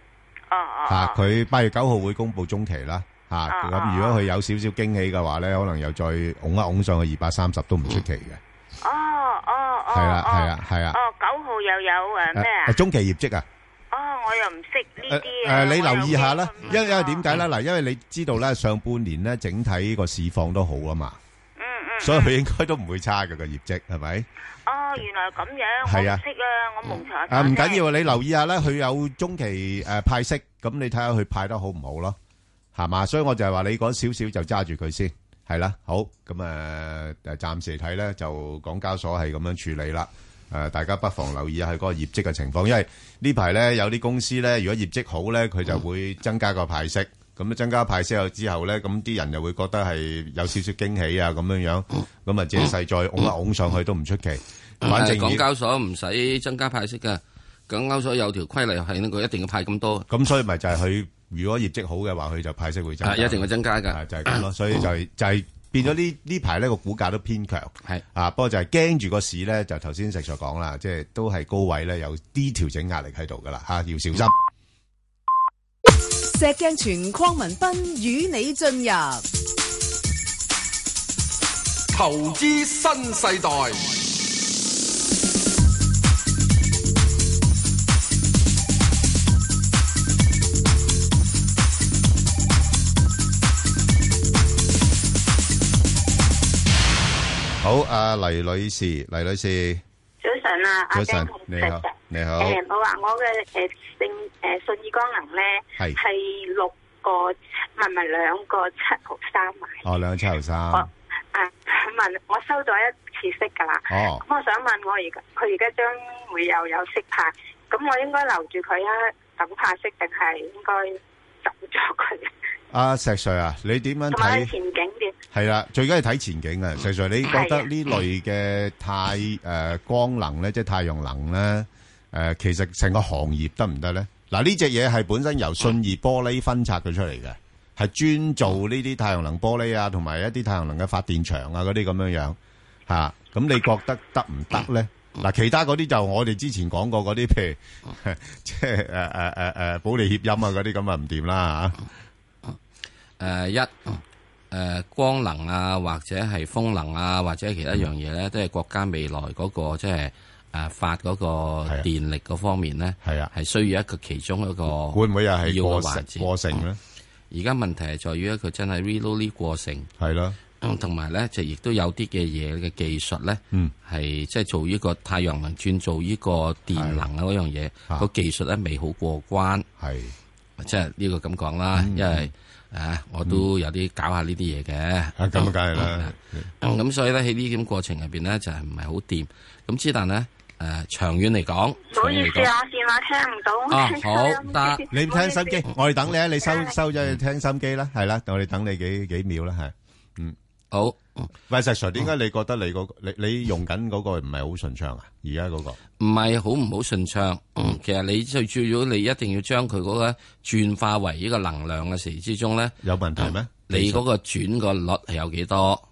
哦哦，吓，佢八月九號會公布中期啦。啊咁如果佢有少少驚喜嘅話咧，可能又再拱一拱上去二百三十都唔出奇嘅。哦哦哦，係啦係啦係啦。哦，九號又有誒咩啊？中期業績啊？唔識呢啲啊！誒，你留意下啦，因為因為點解咧？嗱，因為你知道咧，上半年咧整體個市況都好啊嘛，嗯嗯，所以佢應該都唔會差嘅個業績係咪？哦，原來係咁樣，我唔識啊，我冇查。啊，唔緊要，你留意下咧，佢有中期誒派息，咁你睇下佢派得好唔好咯，係嘛？所以我就係話你講少少就揸住佢先，係啦，好，咁誒，暫時睇咧就港交所係咁樣處理啦。誒，大家不妨留意下佢嗰個業績嘅情況，因為呢排咧有啲公司咧，如果業績好咧，佢就會增加個派息，咁增加派息又之後咧，咁啲人又會覺得係有少少驚喜啊，咁樣樣，咁啊，借勢再㧬一㧬上去都唔出奇。反正港交所唔使增加派息㗎，港交所有條規例係咧，佢一定要派咁多。咁所以咪就係佢，如果業績好嘅話，佢就派息會增，係一定會增加㗎，係就係咁咯。所以就係就係。變咗呢呢排呢個股價都偏強，係是啊，不過就係驚住個市咧，就頭先石 Sir 講啦，即、就、係、是、都係高位咧有啲調整壓力喺度噶啦，吓，要小心。石鏡泉鄺文斌與你進入投資新世代。好，阿、啊、黎女士，黎女士，早晨啊，早晨上，啊、你好，你好。誒、呃，我話我嘅誒信誒信義光能咧係係六個唔係唔係兩個七毫三萬、啊。哦，兩個七毫三。我誒想問，我收咗一次息噶啦。哦。咁、嗯嗯、我想問我，我而佢而家將會又有息派，咁我應該留住佢啊？等派息定係應該走咗佢？阿、啊、石 Sir 啊，你點樣睇前景嘅？係啦、啊，最緊要睇前景啊！石 Sir，你覺得呢類嘅太誒、呃、光能咧，即係太陽能咧，誒、呃，其實成個行業得唔得咧？嗱、啊，呢隻嘢係本身由信義玻璃分拆佢出嚟嘅，係專做呢啲太陽能玻璃啊，同埋一啲太陽能嘅發電場啊，嗰啲咁樣樣吓。咁、啊、你覺得得唔得咧？嗱、啊，其他嗰啲就我哋之前講過嗰啲，譬如即係誒誒誒誒保利協鑫啊，嗰啲咁啊唔掂啦吓。誒，一誒、呃，光能啊，或者係風能啊，或者其他一樣嘢咧，都係國家未來嗰、那個即係誒、呃、發嗰個電力嗰方面咧，係啊的，係需要一個其中一個會唔會又係要個環節過程咧？而家問題係在於一個真係 reload 呢個過程係啦，同埋咧就亦都有啲嘅嘢嘅技術咧，嗯，係即係做呢個太陽能轉做呢個電能啊嗰樣嘢的個技術咧未好過關，係即係呢個咁講啦，因為。因為 啊！我都有啲搞下呢啲嘢嘅，啊咁啊，梗係啦。咁所以咧喺呢啲過程入邊咧就係唔係好掂。咁之但咧誒，長遠嚟講，唔好意思啊，電話聽唔到啊。好，但你唔聽收音機，我哋等你啊。你收收咗去聽收音機啦，係啦，我哋等你幾幾秒啦，係嗯。好、oh, um, 喂石，Sir，點解你覺得你嗰，那個、你你用緊嗰個唔係好順暢啊？而家嗰個唔係好唔好順暢？其實你最主要，你一定要將佢嗰個轉化為呢個能量嘅時之中咧有問題咩？嗯、術你嗰個轉個率係有幾多，多？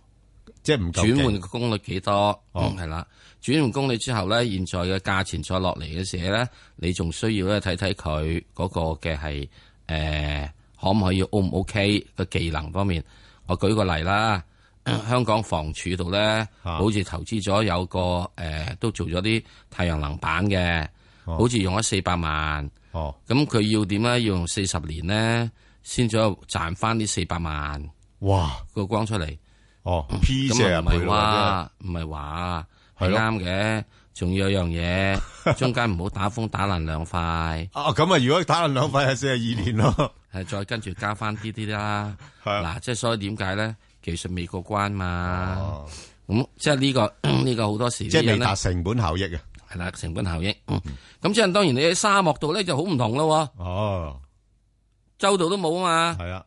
即係轉換個功率幾多？係啦、oh. 嗯，轉換功率之後咧，現在嘅價錢再落嚟嘅時候咧，你仲需要咧睇睇佢嗰個嘅係誒可唔可以 O 唔 OK 嘅技能方面？我舉個例啦。香港房署度咧，好似投資咗有個誒、呃，都做咗啲太陽能板嘅，好似用咗四百萬，咁佢、哦、要點咧？要用四十年咧，先至賺翻呢四百萬。哇！個光出嚟哦，P 射唔係話唔係話係啱嘅，仲、呃、要有樣嘢，中間唔好打風打爛兩塊。啊，咁啊！如果打爛兩塊係四廿二年咯，係、嗯、再跟住加翻啲啲啦。嗱 的，即係、啊、所以點解咧？技術未過關嘛？咁即係呢個呢個好多時即係未達成本效益啊，係啦，成本效益。咁即係當然你喺沙漠度咧就好唔同咯。哦，周度都冇啊嘛。係啊，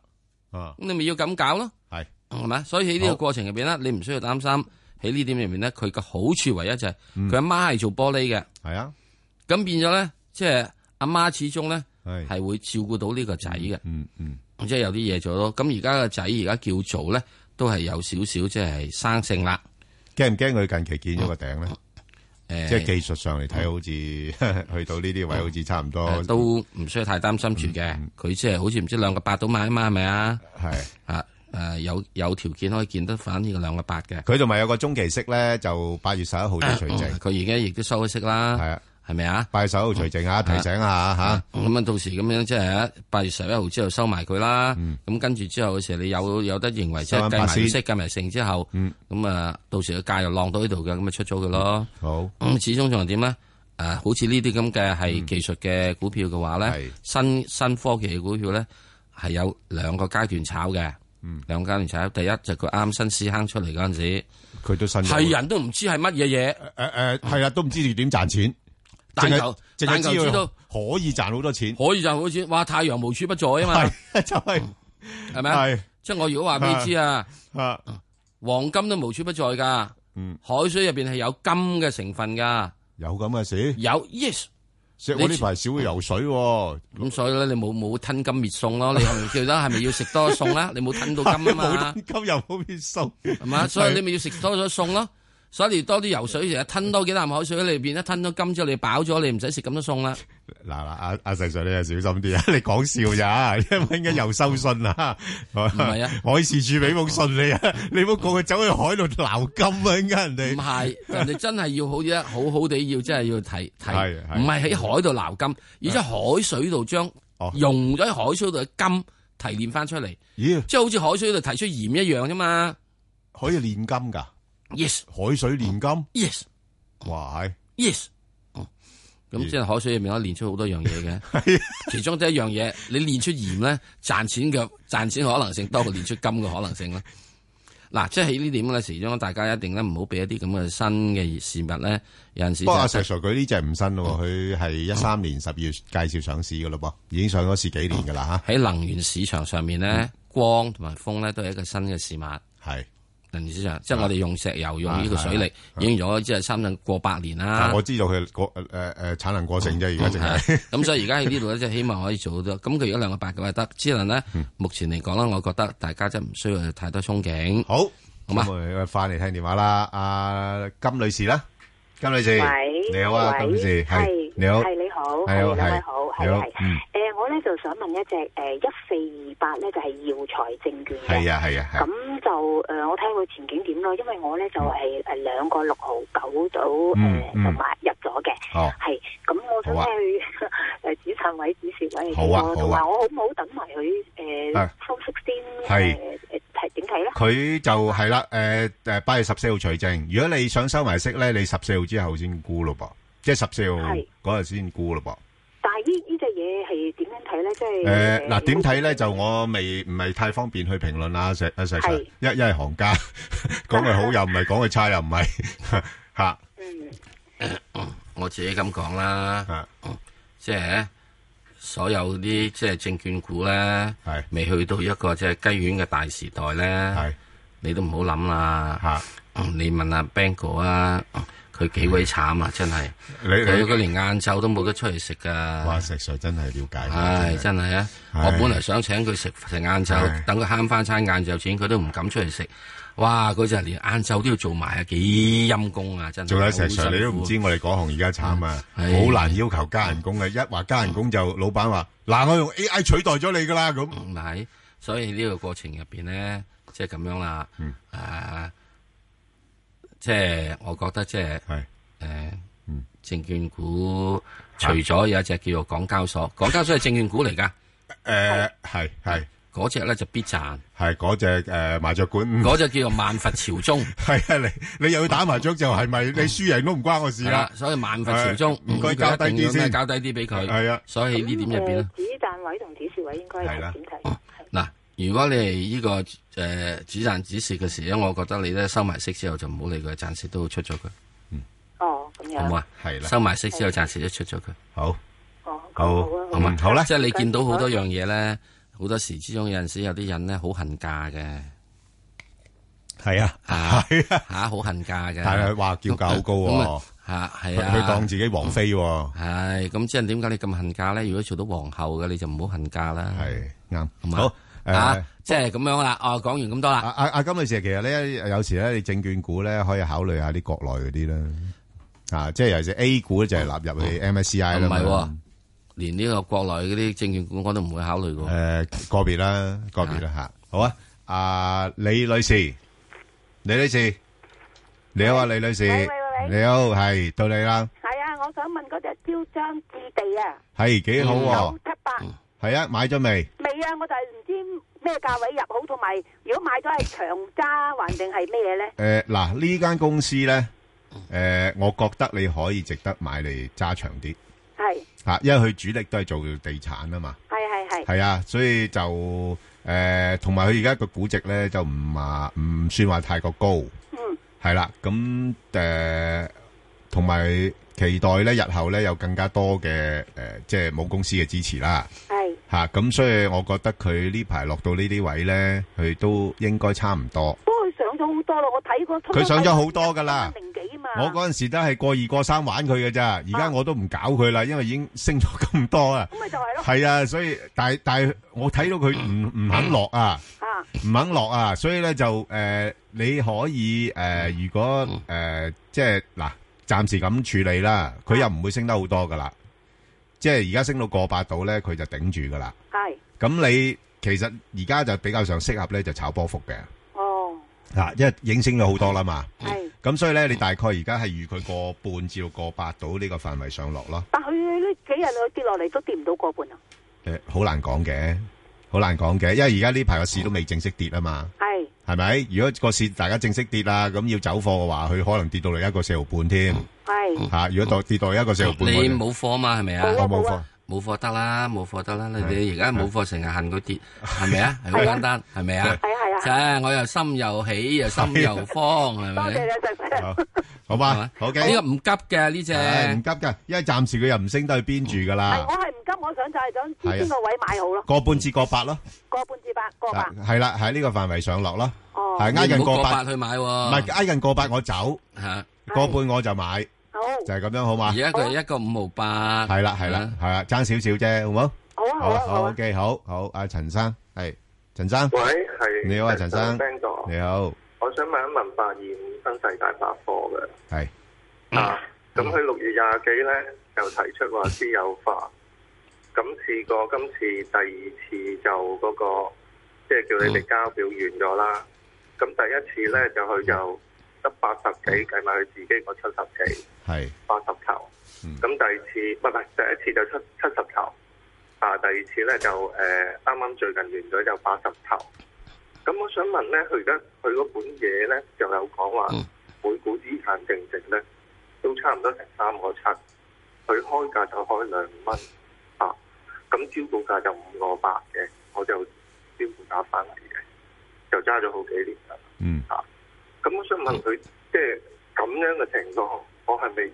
咁你咪要咁搞咯。係係咪？所以喺呢個過程入邊咧，你唔需要擔心。喺呢點入邊咧，佢嘅好處唯一就係佢阿媽係做玻璃嘅。係啊，咁變咗咧，即係阿媽始終咧係會照顧到呢個仔嘅。嗯嗯，即係有啲嘢做咯。咁而家個仔而家叫做咧。都係有少少即係生性啦，驚唔驚佢近期見咗個頂咧？誒、嗯，即係技術上嚟睇，好似、嗯、 去到呢啲位，好似差唔多，嗯嗯、都唔需要太擔心住嘅。佢即係好似唔知兩個八都買啊嘛，係咪啊？係啊，誒有有條件可以見得返呢個兩個八嘅。佢同埋有個中期息咧，就八月十一號就取淨。佢而家亦都收咗息啦。係啊的。係咪啊？拜手徐靜吓，提醒下吓。咁啊，到時咁樣即係八月十一號之後收埋佢啦。咁跟住之後嘅時候，你有有得認為即係計埋息、計埋成之後，咁啊，到時個價又浪到呢度嘅，咁咪出咗佢咯。好。咁始終仲係點呢？誒，好似呢啲咁嘅係技術嘅股票嘅話咧，新新科技嘅股票咧，係有兩個階段炒嘅。嗯。兩個階段炒，第一就佢啱新試坑出嚟嗰陣時，佢都新係人都唔知係乜嘢嘢，誒誒，係啊，都唔知你點賺錢。但就眼就知道可以賺好多錢，可以賺好多錢。哇！太陽無處不在啊嘛，就係係咪啊？即係我如果話俾你知啊，黃金都無處不在噶。嗯，海水入邊係有金嘅成分噶。有咁嘅事？有，yes。你呢排少游水，咁所以咧，你冇冇吞金滅宋咯？你記得係咪要食多啲餸啦？你冇吞到金啊嘛？冇金又冇滅宋，係嘛？所以你咪要食多咗餸咯。所以多啲游水時，成日吞多幾啖海水喺裏邊，咧吞多金之後，你飽咗、啊啊，你唔使食咁多餸啦。嗱嗱，阿阿石 Sir，你啊小心啲啊！你講笑咋？因為應該又收信啊？唔係啊，海事處俾封信你啊，你唔好過去走去海度撈金啊！應該是 人哋唔係，人哋真係要好啲，好好地要真係要提提，唔係喺海度撈金，而喺海水度將溶咗喺海水度嘅金提煉翻出嚟。哦、出咦？即係好似海水度提出鹽一樣啫嘛？可以煉金噶？Yes. 海水煉金，yes，哇係，yes，咁、嗯、即係海水入面，可以煉出好多樣嘢嘅， 的其中即係一樣嘢，你煉出鹽咧，賺錢嘅賺錢可能性多過煉出金嘅可能性啦。嗱，即係喺呢點嘅時中，大家一定咧唔好俾一啲咁嘅新嘅事物咧。有陣時，不過阿 Sir，佢呢隻唔新咯，佢係、嗯、一三年十月介紹上市嘅咯噃，已經上咗市幾年噶啦吓。喺、嗯嗯、能源市場上面咧，光同埋風咧都係一個新嘅事物，係、嗯。啊、即係我哋用石油用呢個水力，已經咗即係差唔多過百年啦、啊。我知道佢過誒誒產能過剩啫，而家淨係。咁所以而家喺呢度咧，即係希望可以做到。咁佢如果兩個八嘅話得，只能呢。嗯、目前嚟講咧，我覺得大家真係唔需要太多憧憬。好，好嘛嗎，快嚟聽電話啦，阿、呃、金女士啦。金女士，你好啊！金女士，係你好，係你好，係你好，係你好。誒，我咧就想問一隻誒一四二八咧就係耀才證券嘅，係啊係啊。咁就誒我睇佢前景點咯，因為我咧就係誒兩個六號九左右誒同埋入咗嘅，係咁我想去誒止賺位、止蝕位，同埋我好唔好等埋佢誒收息先誒誒點睇咧？佢就係啦，誒誒八月十四號除淨。如果你想收埋息咧，你十四號。之後先沽咯噃，即係十四號嗰日先沽咯噃。但係是、呃、呢呢隻嘢係點樣睇咧？即係誒，嗱點睇咧？就我未唔係太方便去評論啦。阿石阿石 Sir 一一係行家講嘅 好又唔係，講嘅 差又唔係，吓、 嗯。嗯、呃，我自己咁講啦，即係、啊嗯就是、所有啲即係證券股咧，未是去到一個即係雞軟嘅大時代咧，是你都唔好諗啦。吓、嗯嗯，你問阿 Banker 啊。嗯嗯佢幾鬼慘啊！真係，佢佢你連晏晝都冇得出去食噶。哇！石 Sir 真係了解。唉，真係啊！ 是 我本嚟想請佢食食晏晝， 是 等佢慳翻餐晏晝錢，佢都唔敢出去食。哇！佢就連晏晝都要做埋啊，幾陰功啊！真係。做有石 Sir，你都唔知我哋嗰行而家慘啊！好是 難要求加人工啊。一話加人工、嗯、就老闆話：嗱，我用 A I 取代咗你噶啦咁。唔係、嗯，所以呢個過程入邊咧，即係咁樣啦、啊。嗯。即係我覺得即係，誒，證券股除咗有一隻叫做港交所，港交所係證券股嚟噶，誒，係係，嗰隻咧就必賺，係嗰隻誒，麻雀館，嗰隻叫做萬佛朝宗，係啊，你你又要打麻雀就係咪？你輸贏都唔關我事啦，所以萬佛朝宗唔該搞低啲先，搞低啲俾佢，係啊，所以呢點入邊咧？止賺位同止蝕位應該係點睇？嗱。如果你係呢個誒子彈指示嘅時咧，我覺得你咧收埋息之後就唔好理佢，暫時都出咗佢。嗯，哦，好唔好啊？係啦，收埋息之後暫時都出咗佢。好，好，好啊，好唔好咧？即係你見到好多樣嘢咧，好多時之中有陣時有啲人咧好恨嫁嘅，係啊，係吓好恨嫁嘅，但係佢話叫價好高吓，係啊，佢當自己王妃喎，係咁即係點解你咁恨嫁咧？如果做到皇后嘅你就唔好恨嫁啦，係啱，好。誒，即係咁樣啦。哦，講完咁多啦。阿阿金女士，其實咧有時咧，你證券股咧可以考慮下啲國內嗰啲啦。啊，即係尤其係 A 股咧，就係納入去 MSCI 啦。唔係，連呢個國內嗰啲證券股我都唔會考慮嘅。誒，個別啦，個別啦吓。好啊。阿李女士，李女士，你好啊，李女士。喂喂喂。你好，係到你啦。係啊，我想問嗰隻招商置地啊。係幾好啊？六七八。係啊，買咗未？未啊，我就係唔知咩價位入好，同埋如果買咗係長揸還定係咩咧？誒、呃，嗱呢間公司咧，誒、呃，我覺得你可以值得買嚟揸長啲。係是。吓，因為佢主力都係做地產啊嘛。係係係。係啊，所以就誒，同埋佢而家個估值咧，就唔麻唔算話太過高。嗯。係啦，啊，咁誒，同、呃、埋期待咧，日後咧有更加多嘅誒、呃，即係母公司嘅支持啦。 啊，咁所以我覺得佢呢排落到呢啲位咧，佢都應該差唔多。不過佢上咗好多咯，我睇過。佢上咗好多噶啦，零幾嘛。我嗰陣時都係過二過三玩佢噶咋，而家、啊、我都唔搞佢啦，因為已經升咗咁多啦。咁咪就係咯。係啊，所以但係但係我睇到佢唔唔肯落啊，唔肯落啊，所以咧就誒、呃、你可以誒、呃、如果誒、呃、即係嗱，暫時咁處理啦，佢又唔會升得好多噶啦。即係而家升到過百度咧，佢就頂住噶啦。係是。咁你其實而家就比較上適合咧，就炒波幅嘅。哦。嗱，因為已經升咗好多啦嘛。係是。咁所以咧，你大概而家係預佢過半至到過百度呢個範圍上落咯。但佢呢幾日落跌落嚟都跌唔到過半啊。誒、欸，好難講嘅，好難講嘅，因為而家呢排個市都未正式跌啊嘛。係。係咪？如果個市大家正式跌啦，咁要走貨嘅話，佢可能跌到嚟一個四毫半添。係吓，如果跌跌到一個四毫半，嗯啊、你冇貨嘛？係咪啊？我冇貨，冇貨得啦，冇貨得啦。是你哋而家冇貨，成日恨佢跌，係咪啊？係好簡單，係咪啊？是是誒，我又心又喜又心又慌，係咪？好嘅，OK，好，好嘛，好嘅。呢個唔急嘅呢隻，唔急嘅，因為暫時佢又唔升得去邊住噶啦。我係唔急，我想就係想知邊個位買好咯。個半至個八咯。個半至八，個八。係啦，喺呢個範圍上落咯。哦。係挨近個八去買，唔係挨近個八我走吓，個半我就買。好。就係咁樣，好嘛？而家佢係一個五毫八。係啦，係啦，係啦，爭少少啫，好唔好？好啊，好啊，好。好嘅，好好，阿陳生係。陳生，喂，係你好啊，陳生，哥你好，我想問一問八二五新世界百貨嘅係啊，咁佢六月廿幾咧就提出話私有化，咁試過今次第二次就嗰、那個即係、就是、叫你哋交表完咗啦，咁 第一次咧就佢又得八十幾計埋佢自己個七十幾係八十頭，咁第二次唔唔係第一次就七七十頭。啊！第二次咧就誒啱啱最近完咗有八十頭。咁我想問咧，佢而家佢嗰本嘢咧就有講話每股資產淨值咧都差唔多成三個七，佢開價就開兩蚊啊！咁招股價就五個八嘅，我就招股打翻嚟嘅，就揸咗好幾年啦。嗯。咁、啊、我想問佢，嗯、即係咁樣嘅情況，我係咪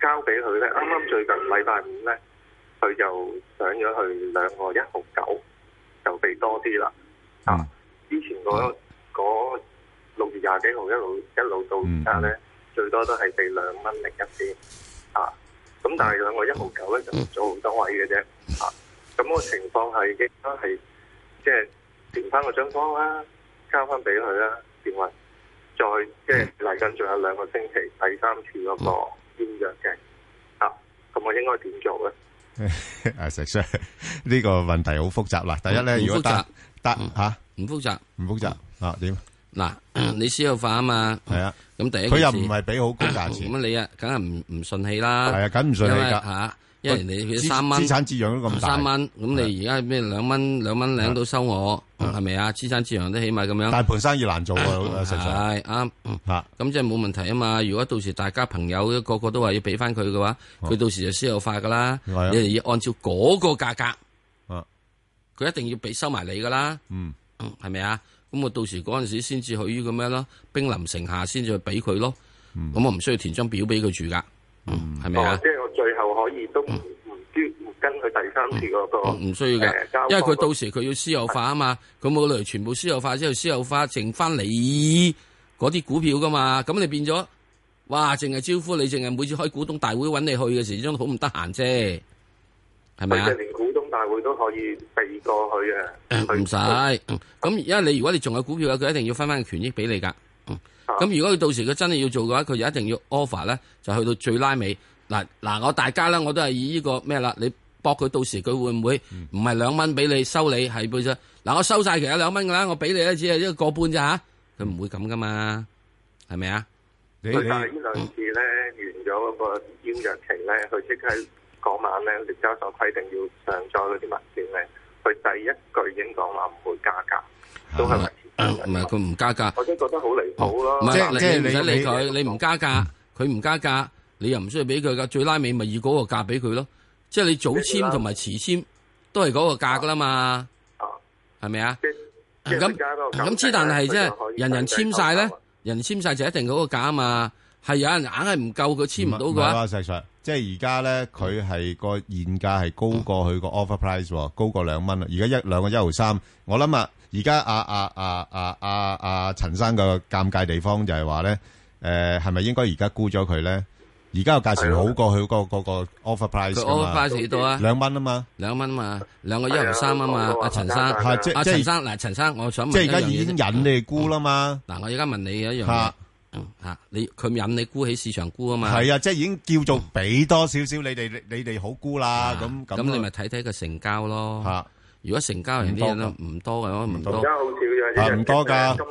交俾佢咧？啱啱最近禮拜五咧。佢就上咗去兩個一毫九，就俾多啲啦。啊，之前嗰六月廿幾號一路一路到而家咧，嗯、最多都係俾、啊、兩蚊零一啲。啊，咁但係兩個一毫九咧就做好多位嘅啫。啊，咁個情況係應該係即係填翻個張方啦，交翻俾佢啦。點話？再即係嚟緊仲有兩個星期，第三次嗰個簽約嘅。啊，咁我應該點做咧？誒，石 Sir，呢個問題好複雜啦。第一咧，如果得得吓，唔複雜，唔複雜啊？點？嗱，你私有化啊嘛，係啊。咁第一，佢又唔係俾好高價錢，咁你啊，梗係唔唔順氣啦。係啊，梗唔順氣噶吓。因為你畀咗三蚊，資產滋養都咁大，咁三蚊咁你而家咩兩蚊兩蚊零都收我，係咪啊？資產滋養都起碼咁樣。大盤生意難做啊，實在係啱。咁即係冇問題啊嘛。如果到時大家朋友個個都話要俾翻佢嘅話，佢到時就私有化噶啦。你哋要按照嗰個價格，佢一定要俾收埋你噶啦。嗯，係咪啊？咁我到時嗰陣時先至去以咁樣咯。兵臨城下先至去俾佢咯。咁我唔需要填張表俾佢住噶。嗯，係咪啊？所以都唔唔跟佢第三次嗰、嗰個唔需要嘅，呃、因為佢到時佢要私有化啊嘛，佢冇理由全部私有化之後私有化剩翻你嗰啲股票噶嘛，咁你變咗哇，淨係招呼你，淨係每次開股東大會揾你去嘅時，始終都好唔得閒啫，係咪啊？連股東大會都可以避過去啊，唔使咁，用 因為你如果你仲有股票嘅，佢一定要分翻個權益俾你噶。咁的如果佢到時佢真係要做嘅話，佢就一定要 offer 咧，就去到最拉尾。嗱嗱我大家咧，我都係以呢個咩啦？你搏佢到時佢會唔會唔係兩蚊俾你收？你係本身嗱我收晒其他兩蚊噶啦，我俾你只係一個半咋吓？佢唔會咁噶嘛？係咪啊？但係呢兩次咧完咗嗰個要約期咧，佢即刻嗰晚咧，聯交所規定要上載嗰啲文件咧，佢第一句已經講話唔會加價，都係唔係佢唔加價？我都覺得好離譜咯！即係你唔使理佢，你唔加價，佢唔加價。你又唔需要俾佢噶，最拉尾咪以嗰個價俾佢咯。即係你早簽同埋遲簽都係嗰個價噶啦嘛，係咪啊？咁咁之，但係即係人人簽晒咧，人簽晒就一定嗰個價啊嘛。係有人硬係唔夠佢簽唔到嘅話，Sir, 即係而家咧，佢係個現價係高過佢個 offer price，高過兩蚊啦。而家一兩個一毫三，我諗啊，而家阿阿阿阿阿陳生嘅尷，尷尬地方就係話咧，誒係咪應該而家沽咗佢咧？而家個價錢好過佢個個個 offer price 㗎嘛？個 offer price 幾多啊？兩蚊啊嘛，兩蚊啊嘛，兩個一毫三啊嘛。阿陳生，阿陳生嗱，陳生，我想問即係而家已經引你沽啦嘛。嗱，我而家問你一樣嘢。嚇，你佢引你沽起市場沽啊嘛？係啊，即係已經叫做俾多少少你哋，你哋好沽啦。咁咁，你咪睇睇個成交咯。嚇，如果成交完啲嘢咧，唔多嘅，唔多。而家好少嘅，啲人唔多嘅。今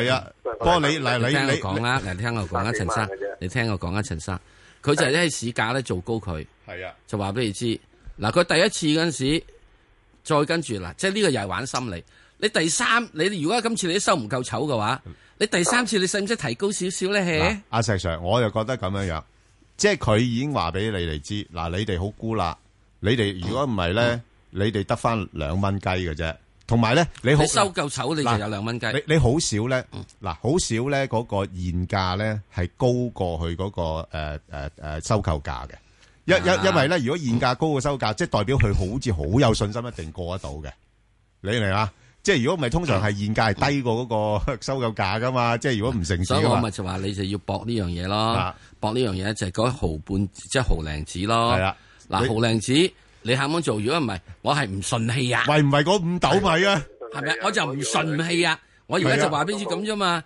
日係啊，不過你嗱你你聽我講啦，你聽我講啦，陳生，你聽我講啦，陳生。佢 就係一喺市價咧做高佢，係啊的，就話俾你知，嗱，佢第一次嗰陣時，再跟住嗱，即係呢個又係玩心理。你第三，你如果今次你收唔夠丑嘅話，你第三次你使唔使提高少少咧？阿、 啊、石 sir，我又覺得咁樣樣，即係佢已經話俾你哋知，嗱，你哋好估啦，你哋如果唔係咧，呢 你哋得翻兩蚊雞嘅啫。同埋咧，你好你收夠籌，你就有兩蚊雞。你你好少咧，嗱好少咧，嗰個現價咧係高過佢嗰個誒誒誒收購價嘅。因因因為咧，如果現價高過收價，即係代表佢好似好有信心一定過得到嘅。你明嗎？即係如果唔係，通常係現價係低過嗰個收購價㗎嘛。即係如果唔成話，所以我咪就話你就要搏呢樣嘢咯，搏呢樣嘢就係嗰一毫半，即係毫零子咯。係啊，嗱毫零子。你肯唔肯做？如果唔係，我係唔順氣啊！為唔為嗰五斗米啊？係咪？我就唔順氣啊！我而家就話俾你知咁啫嘛。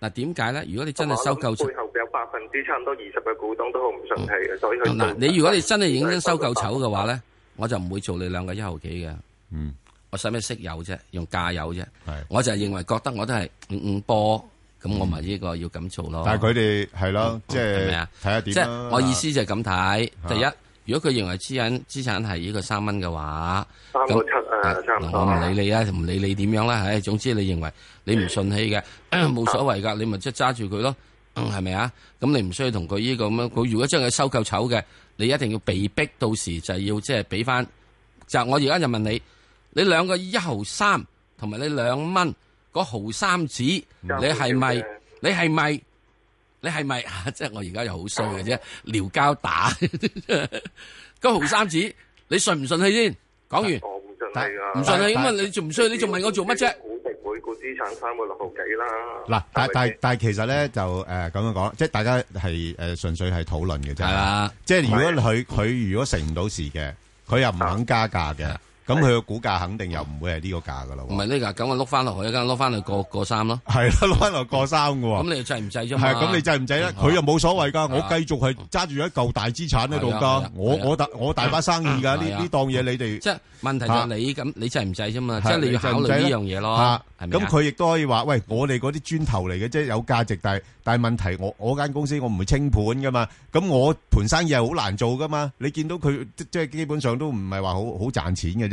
嗱，點解咧？如果你真係收購丑，背後有百分之差唔多二十嘅股東都好唔順氣嘅，所以佢嗱，你如果你真係已經收購丑嘅話咧，我就唔會做你兩個一號幾嘅。嗯，我使咩息友啫？用價友啫。係，我就係認為覺得我都係五五波，咁我咪呢個要咁做咯。但係佢哋係咯，即係係咪？睇下點啦。即係我意思就係咁睇，第一。如果佢認為資產資產係呢個三蚊嘅話，我唔理你啦，唔理你點樣啦，唉，總之你認為你唔順氣嘅，冇、嗯、 所謂㗎，你咪即係揸住佢咯，係咪啊？咁你唔需要同佢呢個咁樣。佢如果將佢收購丑嘅，你一定要被逼到時就要即係俾翻。就我而家就問你，你兩個一毫三同埋你兩蚊嗰毫三子，你係咪？嗯、你係咪？嗯你係咪啊？即係我而家又好衰嘅啫，撩交打。個熊三子，你信唔信佢先？講完，我唔信。係啊，唔信。因為你仲唔信？你仲問我做乜啫？股值每股資產三個六毫幾啦。嗱，但但但係其實咧就誒咁樣講，即係大家係誒純粹係討論嘅啫。係啦，即係如果佢佢如果成唔到事嘅，佢又唔肯加價嘅。咁佢嘅股價肯定又唔會係呢個價噶啦，唔係呢個，咁我碌翻落去，一間碌翻嚟過過衫咯，係啦，碌翻落過衫嘅喎。咁你制唔制啫嘛？係咁，你制唔制咧？佢又冇所謂噶，我繼續係揸住一嚿大資產喺度噶，我我大我大把生意噶，呢呢檔嘢你哋即係問題就係你咁，你制唔制啫嘛？即係你要考慮呢樣嘢咯，咁佢亦都可以話喂，我哋嗰啲磚頭嚟嘅，即係有價值，但係但係問題，我我間公司我唔會清盤噶嘛，咁我盤生意係好難做噶嘛，你見到佢即係基本上都唔係話好好賺錢嘅。啫係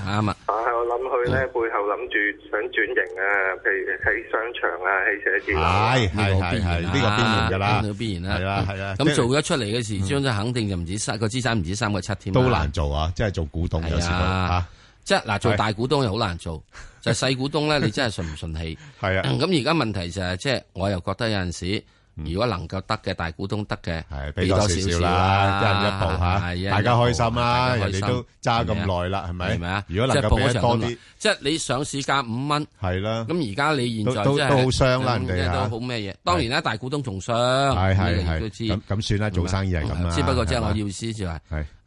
啱啊！但係我諗佢咧背後諗住想轉型啊，譬如喺商場啊，喺寫字樓，係係呢個必然噶啦，必然啦，係啦係啦。咁做咗出嚟嘅時，將就肯定就唔止三個資產，唔止三個七添。都難做啊！即係做股東有時啊，即係嗱，做大股東又好難做，就係細股東咧，你真係順唔順氣？係啊。咁而家問題就係，即係我又覺得有陣時。如果能夠得嘅大股東得嘅，俾多少少啦，一人一步嚇，大家開心啦，人哋都揸咁耐啦，係咪？如果能夠俾多啲，即係你上市價五蚊，係啦。咁而家你現在都好傷啦，人好咩嘢？當然啦，大股東仲傷，係係都知。咁算啦，做生意係咁啦。只不過即係我要先就係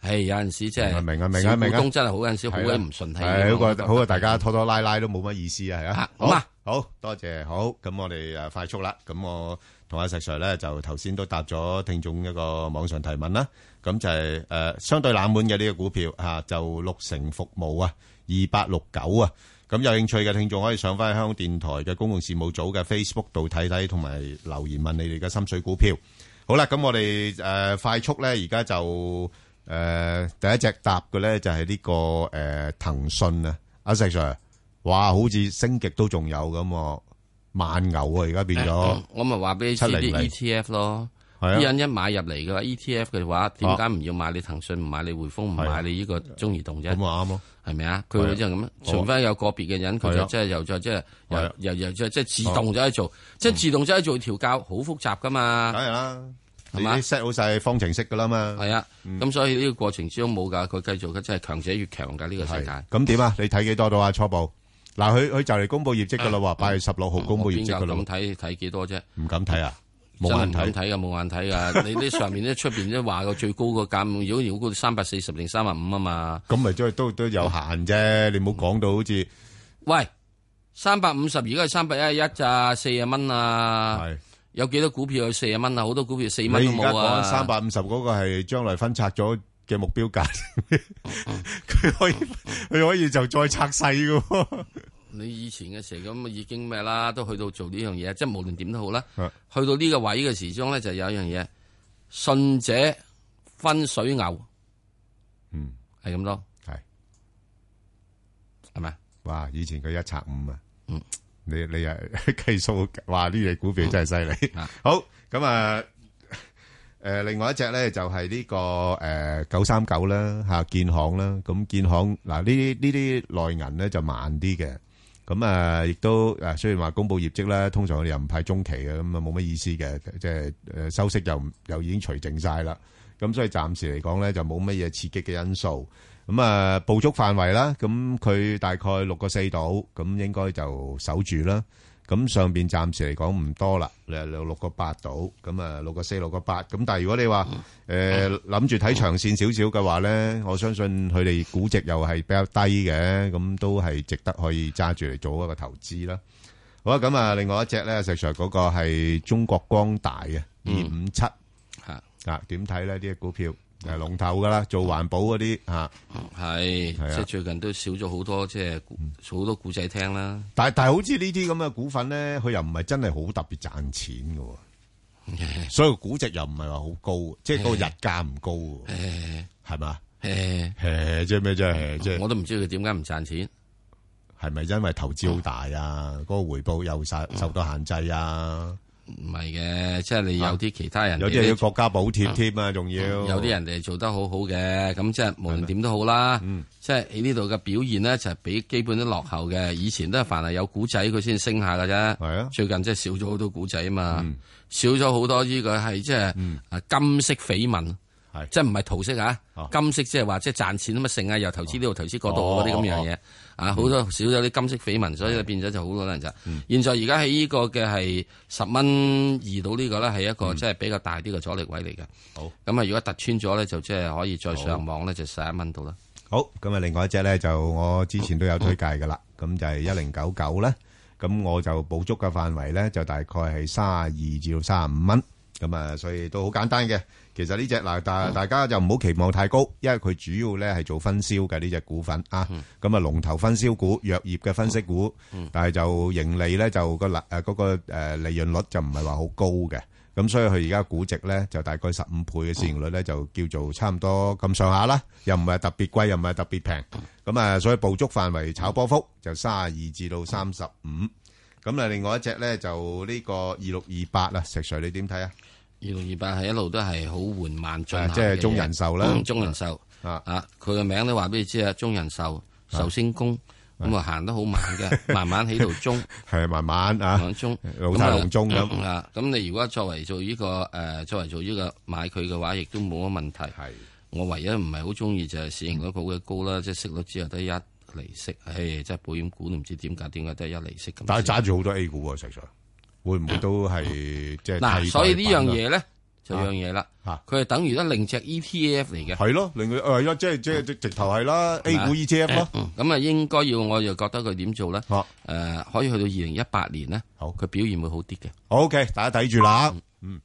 係有陣時即係。明啊明啊明啊！小股東真係好有陣時好鬼唔順氣。好過好過大家拖拖拉拉都冇乜意思啊！係啊，好啊，好多謝好。咁我哋誒快速啦。咁我同阿石 Sir 咧，就頭先都答咗聽眾一個網上提問啦，咁就係誒相對冷門嘅呢個股票吓，就綠城服務啊，二八六九啊，咁有興趣嘅聽眾可以上翻香港電台嘅公共事務組嘅 Facebook 度睇睇，同埋留言問你哋嘅心水股票。好啦，咁我哋誒快速咧，而家就誒第一隻答嘅咧就係呢個誒騰訊啊，阿石 Sir，哇，好似升極都仲有咁。慢牛啊！而家變咗，我咪話俾你知啲 ETF 咯。啲人一買入嚟嘅話，ETF 嘅話點解唔要買？你騰訊唔買，你匯豐唔買，你呢個中移動啫。咁咪係咪啊？佢會即係咁，除非有個別嘅人，佢就即係又再即係又又即係自動走去做，即係自動走去做調校，好複雜噶嘛。梗係啦，係 set 好曬方程式噶啦嘛。係啊，咁所以呢個過程之中冇㗎，佢繼續嘅真係強者越強㗎呢個世界。咁點啊？你睇幾多度啊？初步。嗱，佢佢就嚟公佈業績噶啦，話八月十六號公佈業績噶啦。咁睇睇幾多啫？唔敢睇啊，冇眼睇嘅，冇眼睇嘅。你啲上面啲出邊都話個最高個價，如果如果高三百四十定三百五啊嘛？咁咪即係都都有限啫，你唔好講到好似，喂，三百五十而家係三百一十一咋，四啊蚊啊，係有幾多股票有四啊蚊啊？好多股票四蚊都冇啊！你而家講三百五十嗰個係將來分拆咗。嘅目標價，佢可以佢可以就再拆細噶。你以前嘅時候咁啊，已經咩啦，都去到做呢樣嘢，即係無論點都好啦。去到呢個位嘅時鐘咧，就有一樣嘢，信者分水牛，嗯，係咁多，係係咪啊？哇！以前佢一拆五啊，嗯，你你又計數，哇！呢隻股票真係犀利。好咁啊！誒另外一隻咧就係呢個誒九三九啦嚇建行啦，咁建行嗱呢啲呢啲內銀咧就慢啲嘅，咁啊亦都誒雖然話公布業績咧，通常我哋又唔派中期嘅，咁啊冇乜意思嘅，即係誒收息又又已經除淨曬啦，咁所以暫時嚟講咧就冇乜嘢刺激嘅因素。咁啊捕捉範圍啦，咁佢大概六個四度，咁應該就守住啦。咁上邊暫時嚟講唔多啦，你六六個八到，咁啊六個四六個八，咁但係如果你話誒諗住睇長線少少嘅話咧，我相信佢哋估值又係比較低嘅，咁都係值得可以揸住嚟做一個投資啦。好啦，咁啊，另外一隻咧，剛才嗰個係中國光大啊二五七吓，啊點睇咧呢隻股票？係龍頭噶啦，做環保嗰啲吓，係即係最近都少咗好多，即係好多古仔聽啦、嗯。但係但係，好似呢啲咁嘅股份咧，佢又唔係真係好特別賺錢噶，嗯、所以個估值又唔係話好高，嗯、即係個日價唔高，係嘛？嗯？即係咩啫？即係我都唔知佢點解唔賺錢，係咪因為投資好大啊？嗰、嗯、個回報又受受到限制啊？唔係嘅，即係你有啲其他人，啊、有啲係要國家補貼添啊，仲要、嗯、有啲人哋做得好好嘅，咁即係無論點都好啦。的即係喺呢度嘅表現呢，就係比基本都落後嘅。以前都係凡係有古仔佢先升下㗎啫，的最近即係少咗好多古仔啊嘛，嗯、少咗好多呢個係即係金色緋聞。嗯即係唔係桃色啊？金色即係話，即係賺錢咁啊剩啊，由投資呢度投資過到我啲咁樣嘢啊，好多少咗啲金色緋聞，所以變咗就好多人。就。現在而家喺呢個嘅係十蚊二到呢個咧，係一個即係比較大啲嘅阻力位嚟嘅。好，咁啊如果突穿咗咧，就即係可以再上網咧，就十一蚊度啦。好，咁啊另外一隻咧就我之前都有推介噶啦，咁就係一零九九咧，咁我就補足嘅範圍咧就大概係三十二至到三十五蚊，咁啊所以都好簡單嘅。其實呢隻嗱大大家就唔好期望太高，因為佢主要咧係做分銷嘅呢隻股份啊。咁啊龍頭分銷股、藥業嘅分析股，但係就盈利咧就個嗱誒嗰個誒利潤率就唔係話好高嘅。咁所以佢而家估值咧就大概十五倍嘅市盈率咧就叫做差唔多咁上下啦，又唔係特別貴，又唔係特別平。咁啊，所以捕捉範圍炒波幅就三十二至到三十五。咁啊，另外一隻咧就呢個二六二八啦，石 Sir 你點睇啊？二六二八係一路都係好緩慢進行嘅即係中人壽啦，中人壽啊，佢嘅名都話俾你知啊，中人壽壽星公咁啊，行得好慢嘅，慢慢喺度中，係慢慢啊，中老態龍鍾咁啊。咁你如果作為做呢個誒，作為做呢個買佢嘅話，亦都冇乜問題。係我唯一唔係好中意就係市盈率好鬼高啦，即係息率之後得一厘息，即係保險股都唔知點解點解得一厘息咁。但係揸住好多 A 股啊，實際上。會唔會都係即係嗱？所以呢樣嘢咧，就一樣嘢啦。佢係、啊、等於一另一隻 E T F 嚟嘅。係咯，另佢誒、呃，即係即係直頭係啦，A 股 E T F 咯。咁啊，嗯、應該要我又覺得佢點做咧？誒、啊呃，可以去到二零一八年咧，好、啊，佢表現會好啲嘅。好 k、okay, 大家睇住啦。嗯。嗯